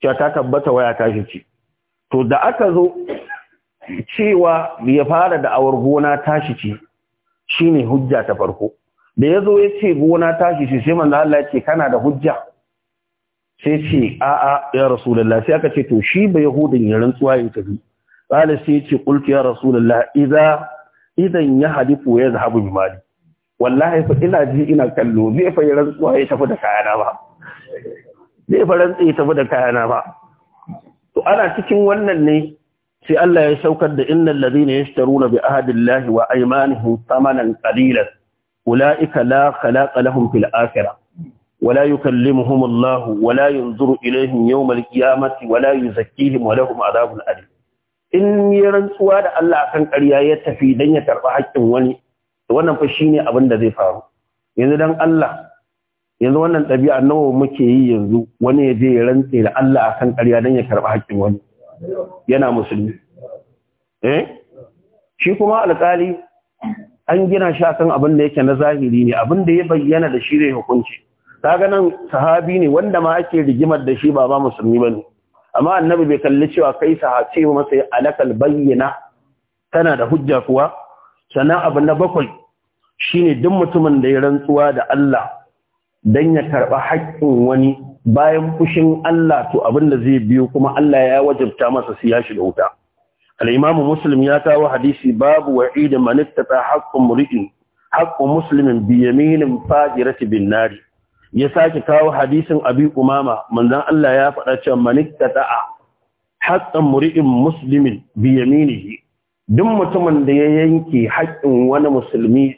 cewa ta tabbata waya ta shi ce to da aka zo cewa ya fara da awar gona tashi ce shine hujja ta farko da ya zo ya ce gona tashi ce sai manzo Allah ya ce kana da hujja sai ce a'a ya rasulullah sai aka ce to shi ba yahudin ya rantsuwa ya tafi qala sai ya ce qultu ya rasulullah idza idan ya hadifu ya zahabu bi mali wallahi fa ina ji ina kallo zai fa ya rantsuwa ya tafi da kayana ba zai faran ta tafi da kayana ba to ana cikin wannan ne sai Allah ya saukar da innal ladina yashtaruna bi ahdillahi wa aymanihim thamanan qalilan ulaika la khalaqa lahum fil akhirah ولا يكلمهم الله ولا ينظر إليهم يوم zaki ولا يزكيهم ولهم عذاب أليم in yi rantsuwa da Allah kan ƙarya ya tafi don ya karɓi haƙƙin wani wannan fa ne abin da zai faru yanzu dan Allah yanzu wannan ɗabi'a nawa muke yi yanzu wani ya je ya rantse da Allah akan ƙarya don ya karɓi haƙƙin wani yana musulmi eh shi kuma alƙali an gina shi akan abin da yake na zahiri ne abin da ya bayyana da shi ne hukunci kaga nan sahabi ne wanda ma ake rigimar da shi ba ba musulmi bane amma annabi bai kalli cewa kai sahabi masa alakal bayyana tana da hujja kuwa sannan abu na bakwai shine duk mutumin da ya rantsuwa da Allah dan ya karba haƙƙin wani bayan fushin Allah to abin da zai biyo kuma Allah ya wajabta masa su ya shiga wuta al-imamu ya kawo hadisi babu wa'id man ittata haqqu mur'in haqqu muslimin bi yaminin fajirati bin nari ya sake kawo hadisin abi umama manzan Allah ya faɗa cewa man ittata haqqan mur'in muslimin bi yaminihi duk mutumin da ya yanke haƙƙin wani musulmi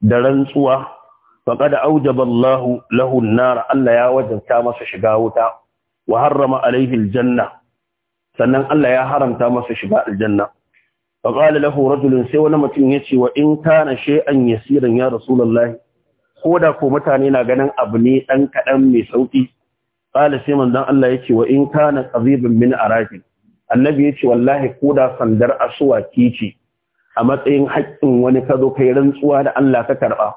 da rantsuwa faqad da Allah lahu Allah ya wajabta masa shiga wuta wa harrama alayhi janna sannan Allah ya haramta masa shiga aljanna faqala lahu rajulun sai wani mutum yace wa in kana shay'an yasiran ya rasulullahi koda ko mutane na ganin abu ne dan kadan mai sauki qala sai manzon Allah ce wa in kana qadibun min rafi. annabi yace wallahi ko da sandar asuwa kici a matsayin haƙƙin wani ka zo kai rantsuwa da Allah ka karba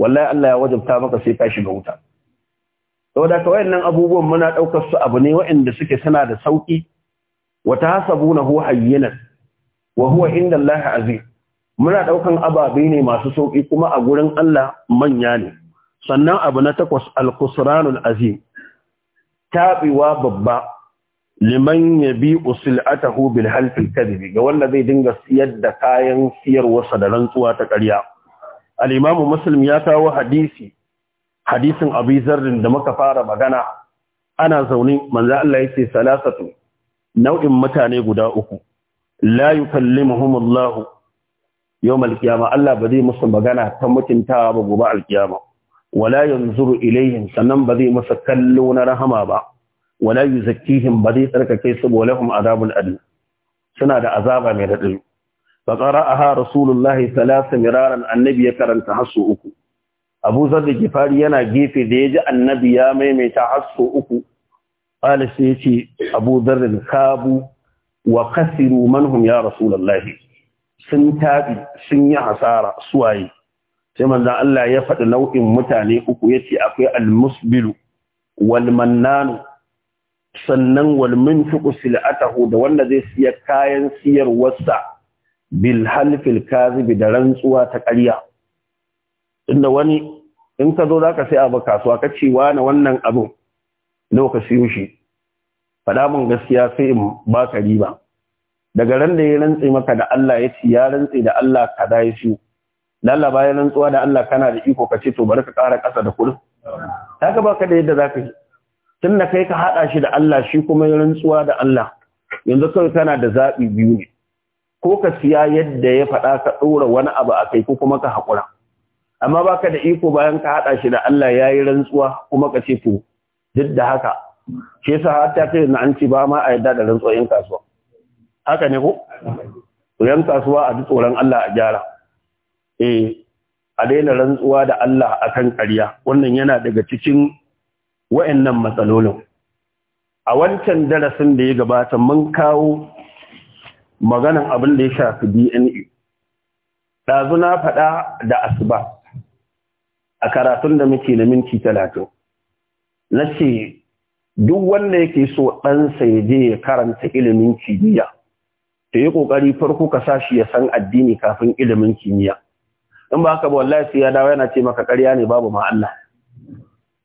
wallahi Allah ya wajabta maka sai ka shiga wuta saboda ka wayannan abubuwan muna daukar su abu ne wayanda suke suna da sauki wa tahsabunahu hayyinan wa huwa inda Allah aziz muna daukan ababe ne masu sauki kuma a gurin Allah manya ne sannan abu na takwas al azim tabiwa babba liman ya bi usil'atahu bil halfil kadhibi ga wanda zai dinga siyar da kayan siyarwarsa da rantsuwa ta ƙarya al'imamu musulmi ya kawo hadisi hadisin abu zarrin da muka fara magana ana zaune manza Allah ya ce salasatu nau'in mutane guda uku Layu kalli Allah Yau al Allah ba zai musu magana ta mutuntawa ba gobe al wala yanzuru ilayhim sannan ba zai musu kallo na rahama ba wala yuzakkihim ba zai tsarkake su ba lahum adabul suna da azaba mai radadi fa ha rasulullahi thalatha miraran annabi ya karanta hasu uku abu da gifari yana gefe da ya ji annabi ya maimaita hasu uku qala sai yace abu zar da kabu wa khasiru manhum ya rasulullahi sun tabi sun yi hasara suwaye sai manzon Allah ya faɗi nau'in mutane uku yace akwai al-musbilu wal mannanu sannan walmin tuku sil'atahu da wanda zai siya kayan siyarwarsa bil halfil kazibi da rantsuwa ta ƙarya inda wani in ka zo za ka sai abu kasuwa ka ce na wannan abin nawa ka siyo shi faɗa min gaskiya sai in baka riba daga ran da ya rantse maka da Allah ya ci ya rantse da Allah ka da ya siyo Allah bayan rantsuwa da Allah kana da iko ka ce to bari ka ƙara ƙasa da kuɗin ba ka da yadda za ka yi tun da kai ka haɗa shi da Allah shi kuma ya rantsuwa da Allah yanzu kawai kana da zaɓi biyu ne ko ka siya yadda ya faɗa ka ɗora wani abu a kai ko kuma ka haƙura amma baka da iko bayan ka haɗa shi da Allah ya yi rantsuwa kuma ka ce to duk da haka Ke sa har ta kai an ci ba ma a yadda da rantsuwa yan kasuwa haka ne ko yan kasuwa a ji tsoron Allah a gyara eh a daina rantsuwa da Allah akan ƙarya wannan yana daga cikin wa'annan matsalolin a wancan darasin da ya gabata mun kawo maganan abin da ya shafi DNA. Ɗazu na faɗa da asuba a karatun da muke na minti talatin. Na ce, duk wanda yake so ɗansa ya je ya karanta ilimin kimiyya, ta yi ƙoƙari farko ka sa shi ya san addini kafin ilimin kimiyya. In ba haka ba wallahi sai ya dawo yana ce maka ƙarya ne babu ma Allah.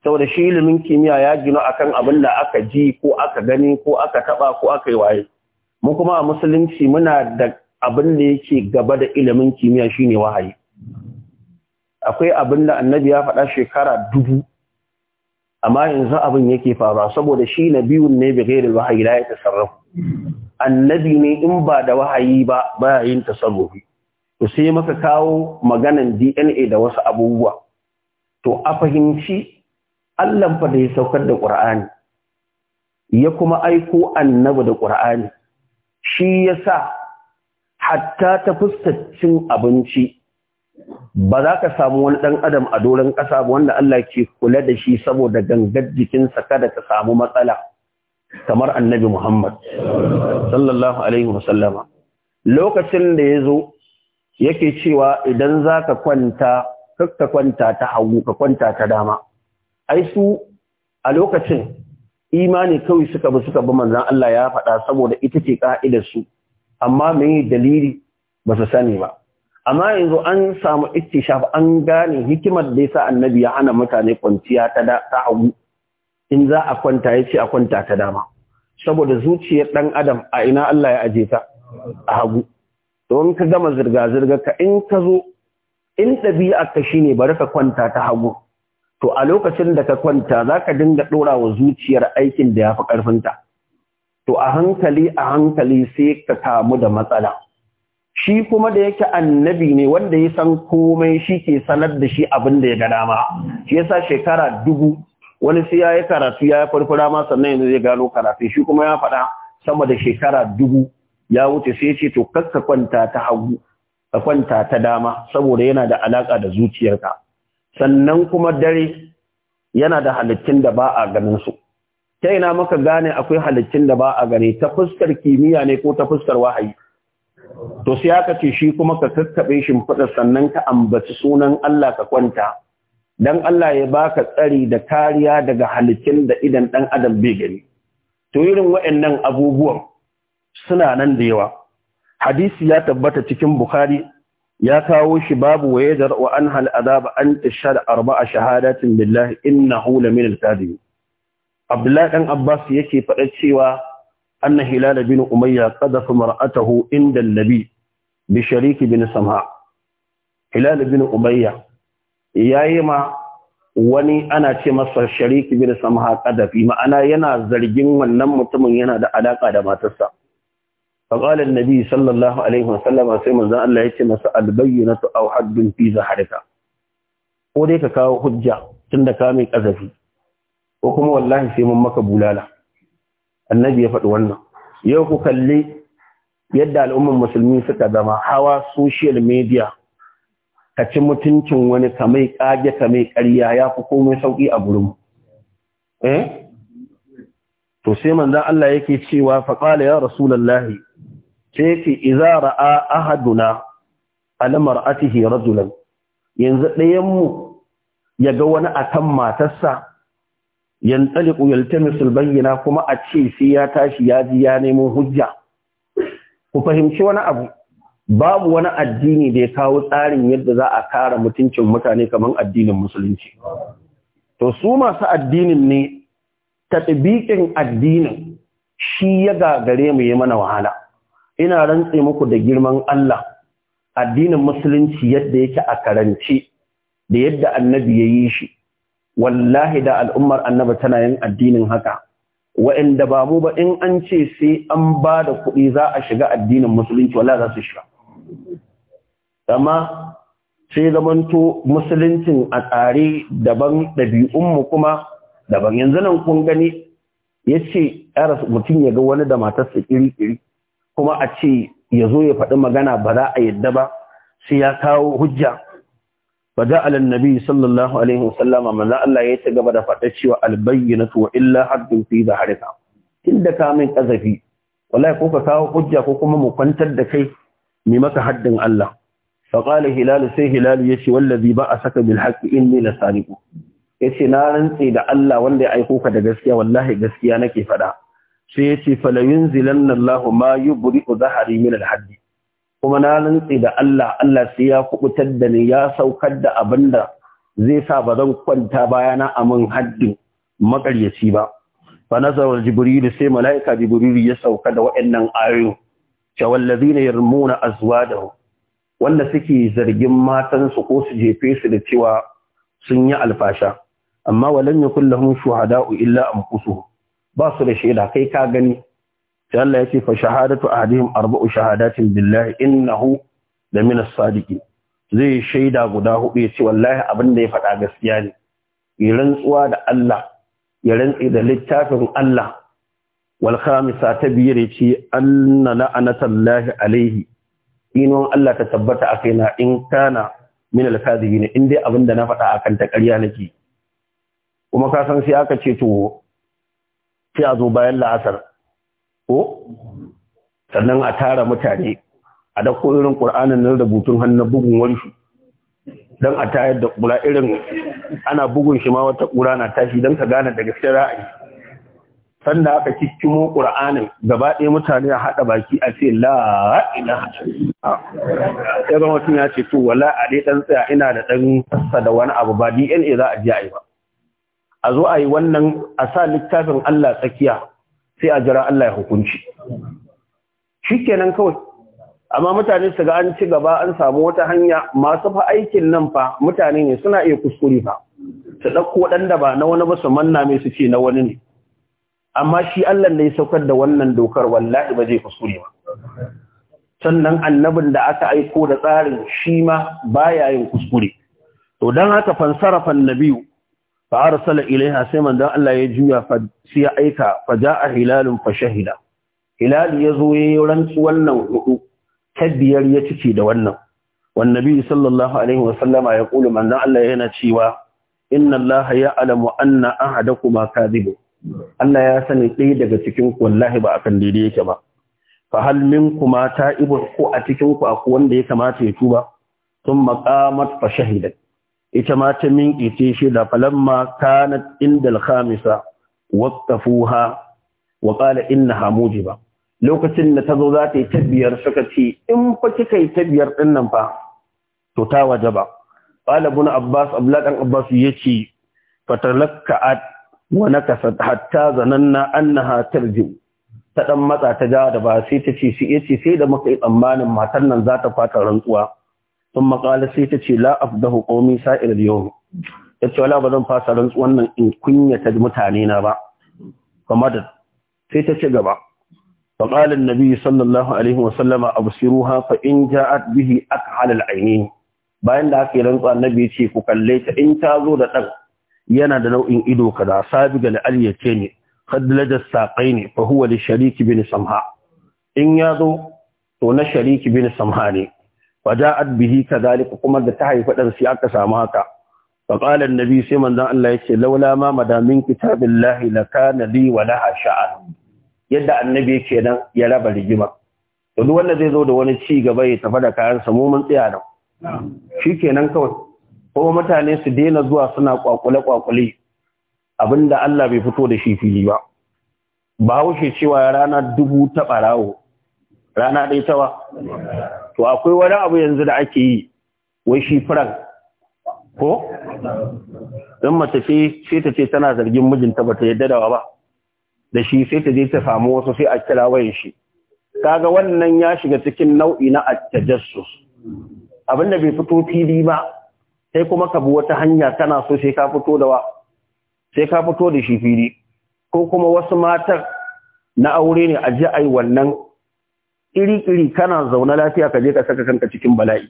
Saboda shi ilimin kimiyya ya gino akan abin da aka ji ko aka gani ko aka taɓa ko aka yi waye. mu kuma a musulunci muna da abin da yake gaba da ilimin kimiyya shine wahayi akwai abin da annabi ya faɗa shekara dubu amma yanzu abin yake faruwa saboda shi na biyun ne bighairi wahayi la ya annabi ne in ba da wahayi ba baya yin tasarrufi to sai maka kawo maganan DNA da wasu abubuwa to a fahimci Allah fa da ya saukar da Qur'ani ya kuma aiko annabi da Qur'ani shi ya sa hatta ta fuskacin abinci ba za ka samu wani ɗan adam a doron ƙasa wanda Allah ke kula da shi saboda gangar jikinsa kada ka samu matsala kamar annabi Muhammad sallallahu alaihi wasallama lokacin da ya zo yake cewa idan za ka kwanta kakka kwanta ta hagu ka kwanta ta dama ai su a lokacin imani kawai suka bi suka bi manzan Allah ya faɗa saboda ita ce ka'idar su amma me dalili ba su sani ba amma yanzu an samu ittishaf an gane hikimar da yasa annabi ya hana mutane kwanciya ta ta hagu in za a kwanta yace a kwanta ta dama saboda zuciyar ɗan adam a ina Allah ya aje ta a hagu don ka gama zirga zirga ka in ka zo in ɗabi'a ka shine bari ka kwanta ta hagu to a lokacin da ka kwanta za ka dinga ɗora wa zuciyar aikin da ya fi ƙarfinta. To a hankali a hankali sai ka kamu da matsala. Shi kuma da yake annabi ne wanda ya san komai shi ke sanar da shi abin da ya ga dama. Shi yasa shekara dubu wani sai ya yi karatu ya farfura ma sannan yanzu zai gano karatu shi kuma ya faɗa sama da shekara dubu ya wuce sai ce to kakka kwanta ta hagu ka kwanta ta dama saboda yana da alaƙa da zuciyarka. sannan kuma dare yana da halittun da ba a ganin su ta ina maka gane akwai halittun da ba a gani ta fuskar kimiyya ne ko ta fuskar wahayi to sai aka ce shi kuma ka kakkaɓe shimfiɗa sannan ka ambaci sunan Allah ka kwanta don Allah ya baka tsari da kariya daga halittun da idan ɗan adam bai gani to irin wa'annan abubuwan suna nan da yawa hadisi ya tabbata cikin Bukhari ya kawo shi babu wa yadar wa an hal azab an tashhad arba'a shahadatin billahi innahu lamin al-kadhib Abdullah dan Abbas yake faɗa cewa anna Hilal bin Umayya qadafa mar'atahu inda al-nabi bi sharik bin Samha Hilal bin Umayya yayi ma wani ana ce masa sharik bin Samha qadafi ma'ana yana zargin wannan mutumin yana da alaka da matarsa فقال النبي صلى الله عليه وسلم sai manzon Allah yace masa albayyinatu aw haddun fiza, zahrika ko dai ka kawo hujja tunda ka mai kazafi ko kuma wallahi sai mun maka bulala annabi ya faɗi wannan yau ku kalli yadda al'ummar musulmi suka zama hawa social media ka ci mutuncin wani ka mai kage ka mai ƙarya ya fi komai sauƙi a gurin eh to sai manzon Allah yake cewa faqala ya rasulullahi sai ce iza ra'a ahaduna ala hira rajulan yanzu ɗayanmu ya ga wani a kan matarsa yantaliqu yaltamisul bayyana kuma a ce sai ya tashi ya ji ya nemo hujja ku fahimci wani abu babu wani addini da ya kawo tsarin yadda za a kara mutuncin mutane kamar addinin musulunci to su masu addinin ne tatbiqin addinin shi ya gagare mu yi mana wahala ina rantse muku da girman Allah addinin musulunci yadda yake a karance da yadda annabi ya yi shi wallahi da al'ummar annabi tana yin addinin haka wa'inda ba mu ba in an ce sai an ba da kuɗi za a shiga addinin musulunci wallahi za su shiga amma sai zamanto musuluncin a tsare daban mu kuma daban yanzu nan kun gani ya ce mutum ya ga wani da matarsa iri-iri kuma a ce ya zo ya faɗi magana ba za a yadda ba sai ya kawo hujja ba za a lannabi sallallahu alaihi wasallama manzan Allah ya ci gaba da faɗa cewa albayyana wa illa haddun fi da harika inda ka min kazafi, wallahi ko ka kawo hujja ko kuma mu kwantar da kai mai maka haddin Allah faƙala hilalu sai hilalu ya ce wallazi ba a saka bil haƙi inni la sariqu ya na rantse da Allah wanda ya aiko ka da gaskiya wallahi gaskiya nake faɗa sai yace fala yunzilanna Allahu ma yubri'u zahari min al-haddi kuma na rantsi da Allah Allah sai ya kubutar da ni ya saukar da abinda zai sa ba zan kwanta bayana a mun haddin makaryaci ba fa Jibrilu sai malaika Jibrilu ya sauka da waɗannan ayoyi cha wallazina yarmuna azwadahum wanda suke zargin matansu ko su jefe su da cewa sun yi alfasha amma walan yakul lahum shuhada'u illa anfusuhum ba su da shaida kai ka gani sai Allah ya ce fa shahadatu ahadihim arba'u shahadatin billahi innahu la min as-sadiqin zai shaida guda hudu ya ce wallahi abin da ya faɗa gaskiya ne ya rantsuwa da Allah ya rantsi da littafin Allah wal khamisa ta biyar ya ce anna la'anatallahi alaihi inon Allah ta tabbata a kaina in kana min al-kadhibin in dai abin da na faɗa akan ta ƙarya nake kuma ka san sai aka ce to sai a zo bayan la'asar ko sannan a tara mutane a dauko irin qur'anin nan rubutun hannun bugun shi dan a tayar da kula irin ana bugun shi ma wata kura na tashi dan ka gane da gaskiya ra'ayi sannan aka kikkimo ƙura'anin gaba ɗaya mutane a haɗa baki a ce la'ina ya zama mutum ya ce to wala a ɗaya ɗan tsaya ina da ɗan sassa da wani abu ba dna za a ji a yi ba a zo a yi wannan a sa littafin Allah tsakiya sai a jira Allah ya hukunci shi kenan kawai amma mutane su ga an ci gaba an samu wata hanya masu fa aikin nan fa mutane ne suna iya kuskure fa su ɗauko ɗan ba na wani ba su manna mai su ce na wani ne amma shi Allah ne ya saukar da wannan dokar wallahi ba zai kuskure ba sannan annabin da aka aiko da tsarin shi ma baya yin kuskure to dan haka fansarafan nabiyu fa arsala ilaiha sai manzon Allah ya juya su ya aika fa jaa hilalun fa shahida ya zo ya rantsu wannan hudu ta biyar ya cike da wannan wan nabi sallallahu alaihi wa ya kula manzan Allah yana cewa inna Allah ya'lamu anna ka kadhibu Allah ya sani ɗaya daga cikin ku wallahi ba kan daidai yake ba fa kuma ta ta'ibun ko a cikin ku wanda ya kamata ya tuba sun maqamat fa ita ma ta minkice shi da falamma kanat indal khamisa waqtafuha wa qala innaha mujiba lokacin da ta zo za ta yi tabbiyar suka ce in fa kika yi tabbiyar din nan fa to ta wajaba qala ibn abbas abladan abbas yace fatalakka'at wa nakasat hatta zananna annaha tarji ta dan matsa ta ja da ba sai ta ce shi yace sai da muka yi tsammanin matar nan za ta fata rantsuwa sun makala sai ta ce la'af da qaumi sa'ir yau ya ce wala ba zan fasa rantsu nan in kunyata mutane na ba kuma da sai ta ci gaba فقال النبي صلى الله عليه وسلم ابصروها فان جاءت aka halal العينين bayan da aka yi rantsuwa nabi ce ku kalle ta in ta zo da ɗan. yana da nau'in ido kaza sabi ga al'aliya ni, ne khadlaja ne fa huwa li shariki bin samha in ya zo to na shariki bin samha ne faja'at bihi kadhalika kuma da ta haifa dan shi aka samu haka fa qala annabi sai manzon Allah yace laula ma madamin kitabillahi lakana li wa sha'an yadda annabi yake nan ya raba rigima to duk wanda zai zo da wani ci gaba ya tafi da kayan sa mu mun tsaya nan shikenan kawai kuma mutane su daina zuwa suna kwakule kwakule abinda Allah bai fito da shi fili ba bahaushe cewa rana dubu ta barawo rana ɗaya tawa to akwai wani abu yanzu da ake yi wai shi firan ko don mace ce sai ta ce tana zargin mijinta ba ta yadda dawa ba da shi sai ta je ta samu wasu sai a kira wayan shi kaga wannan ya shiga cikin nau'i na attajassus abinda bai fito fili ba sai kuma ka bi wata hanya kana so sai ka fito da wa sai ka fito da shi fili ko kuma wasu matar na aure ne a ji ai wannan iri-iri kana zaune lafiya ka je ka saka kanka cikin bala'i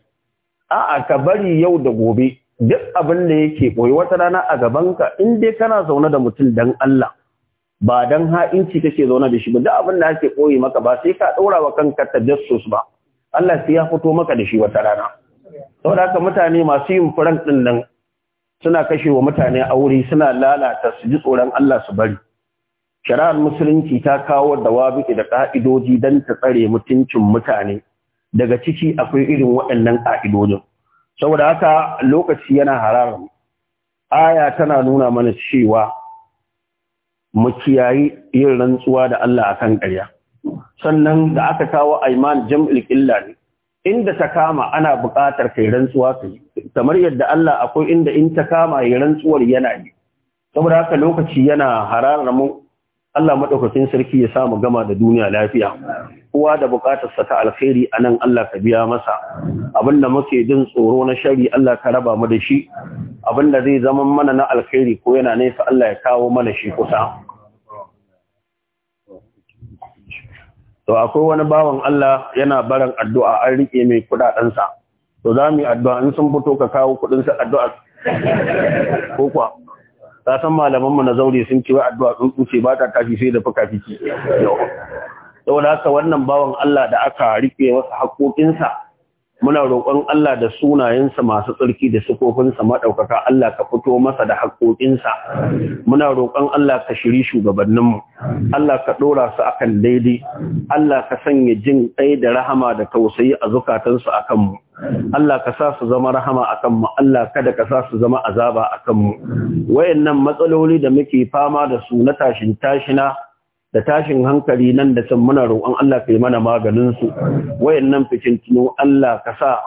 a'a ka bari yau da gobe duk abin da yake koyi wata rana a gabanka in dai kana zaune da mutum dan Allah ba dan ha'inci kake zaune da shi ba duk abin da ake koyi maka ba sai ka ɗora wa kanka tajassus ba Allah sai ya fito maka da shi wata rana saboda haka mutane masu yin furan din nan suna kashe wa mutane aure suna lalata su ji tsoron Allah su bari shari'ar musulunci ta kawo dawabi da ƙa'idoji don ta tsare mutuncin mutane daga ciki akwai irin waɗannan ƙa'idojin saboda haka lokaci yana hararar aya tana nuna mana cewa mu kiyayi yin rantsuwa da Allah akan ƙarya sannan da aka kawo aiman jam'il illa ne inda ta kama ana buƙatar kai rantsuwa ka yi kamar yadda Allah akwai inda in ta kama yi rantsuwar yana yi saboda haka lokaci yana hararar mu Allah madaukakin sarki ya sa mu gama da duniya lafiya kowa da sa ta alkhairi anan Allah ka biya masa abinda muke jin tsoro na shari Allah ka raba mu da shi abinda zai zama mana na alkhairi ko yana nesa Allah ya kawo mana shi kusa to akwai wani bawan Allah yana barin addu'a an rike mai sa, to za mu yi addu'a in sun fito ka kawo kudin sa addu'a ko kuwa ka san malamanmu na zaure sun ce wa addu'a tsuntsu ce ba ta kafi sai da fuka fiki yau da haka wannan bawan Allah da aka rike masa haƙoƙinsa muna roƙon Allah da sunayensa masu tsarki da sukofinsa maɗaukaka Allah ka fito masa da haƙoƙinsa muna roƙon Allah ka shiri shugabanninmu Allah ka ɗora su akan daidai Allah ka sanya jin ɗai da rahama da tausayi a zukatansu a kanmu Allah ka sa su zama rahama a kanmu Allah kada ka sa su zama azaba a kanmu wayannan matsaloli da muke fama da su na tashin tashina da tashin hankali nan da can muna roƙon Allah ka yi mana maganin su wayannan tuno Allah ka sa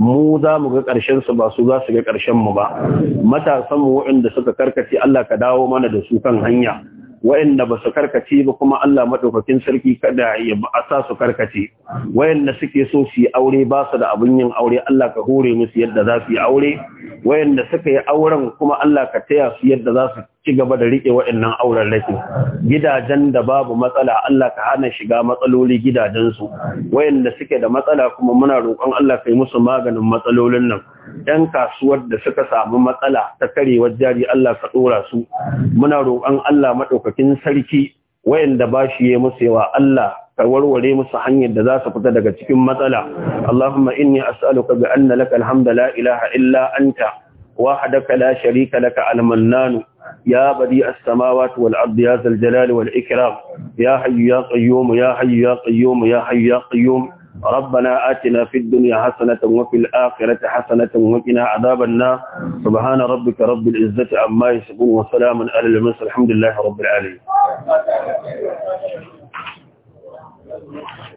mu za mu ga ƙarshen su ba su za su ga ƙarshen mu ba matasan mu waɗanda suka karkace Allah ka dawo mana da su kan hanya wayanda ba su karkace ba kuma Allah madaukakin sarki kada ya ba sa su karkace wayanda suke so su yi aure ba su da abin yin aure Allah ka hore musu yadda za su yi aure wayanda suka yi auren kuma Allah ka taya su yadda za su ci gaba da rike wayannan auren rake gidajen da babu matsala Allah ka hana shiga matsaloli gidajen su wayanda suke da matsala kuma muna roƙon Allah yi musu maganin matsalolin nan ‘yan kasuwar da suka samu matsala ta karewar jari Allah ka ɗora su, muna roƙon Allah maɗaukaki Bikin sarki wayanda ba shi ya musu yawa Allah ka warware musu hanyar da za su fita daga cikin matsala Allahumma inni as'aluka bi anna laka alhamdu la ilaha illa anta wahdaka la sharika laka al-mannan ya badi as-samawati wal ardi ya zal jalali wal ikram ya hayyu ya qayyum ya hayyu ya qayyum ya hayyu ya qayyum ربنا آتنا في الدنيا حسنة وفي الآخرة حسنة وقنا عذاب النار سبحان ربك رب العزة عما يصفون وسلام على المرسلين الحمد لله رب العالمين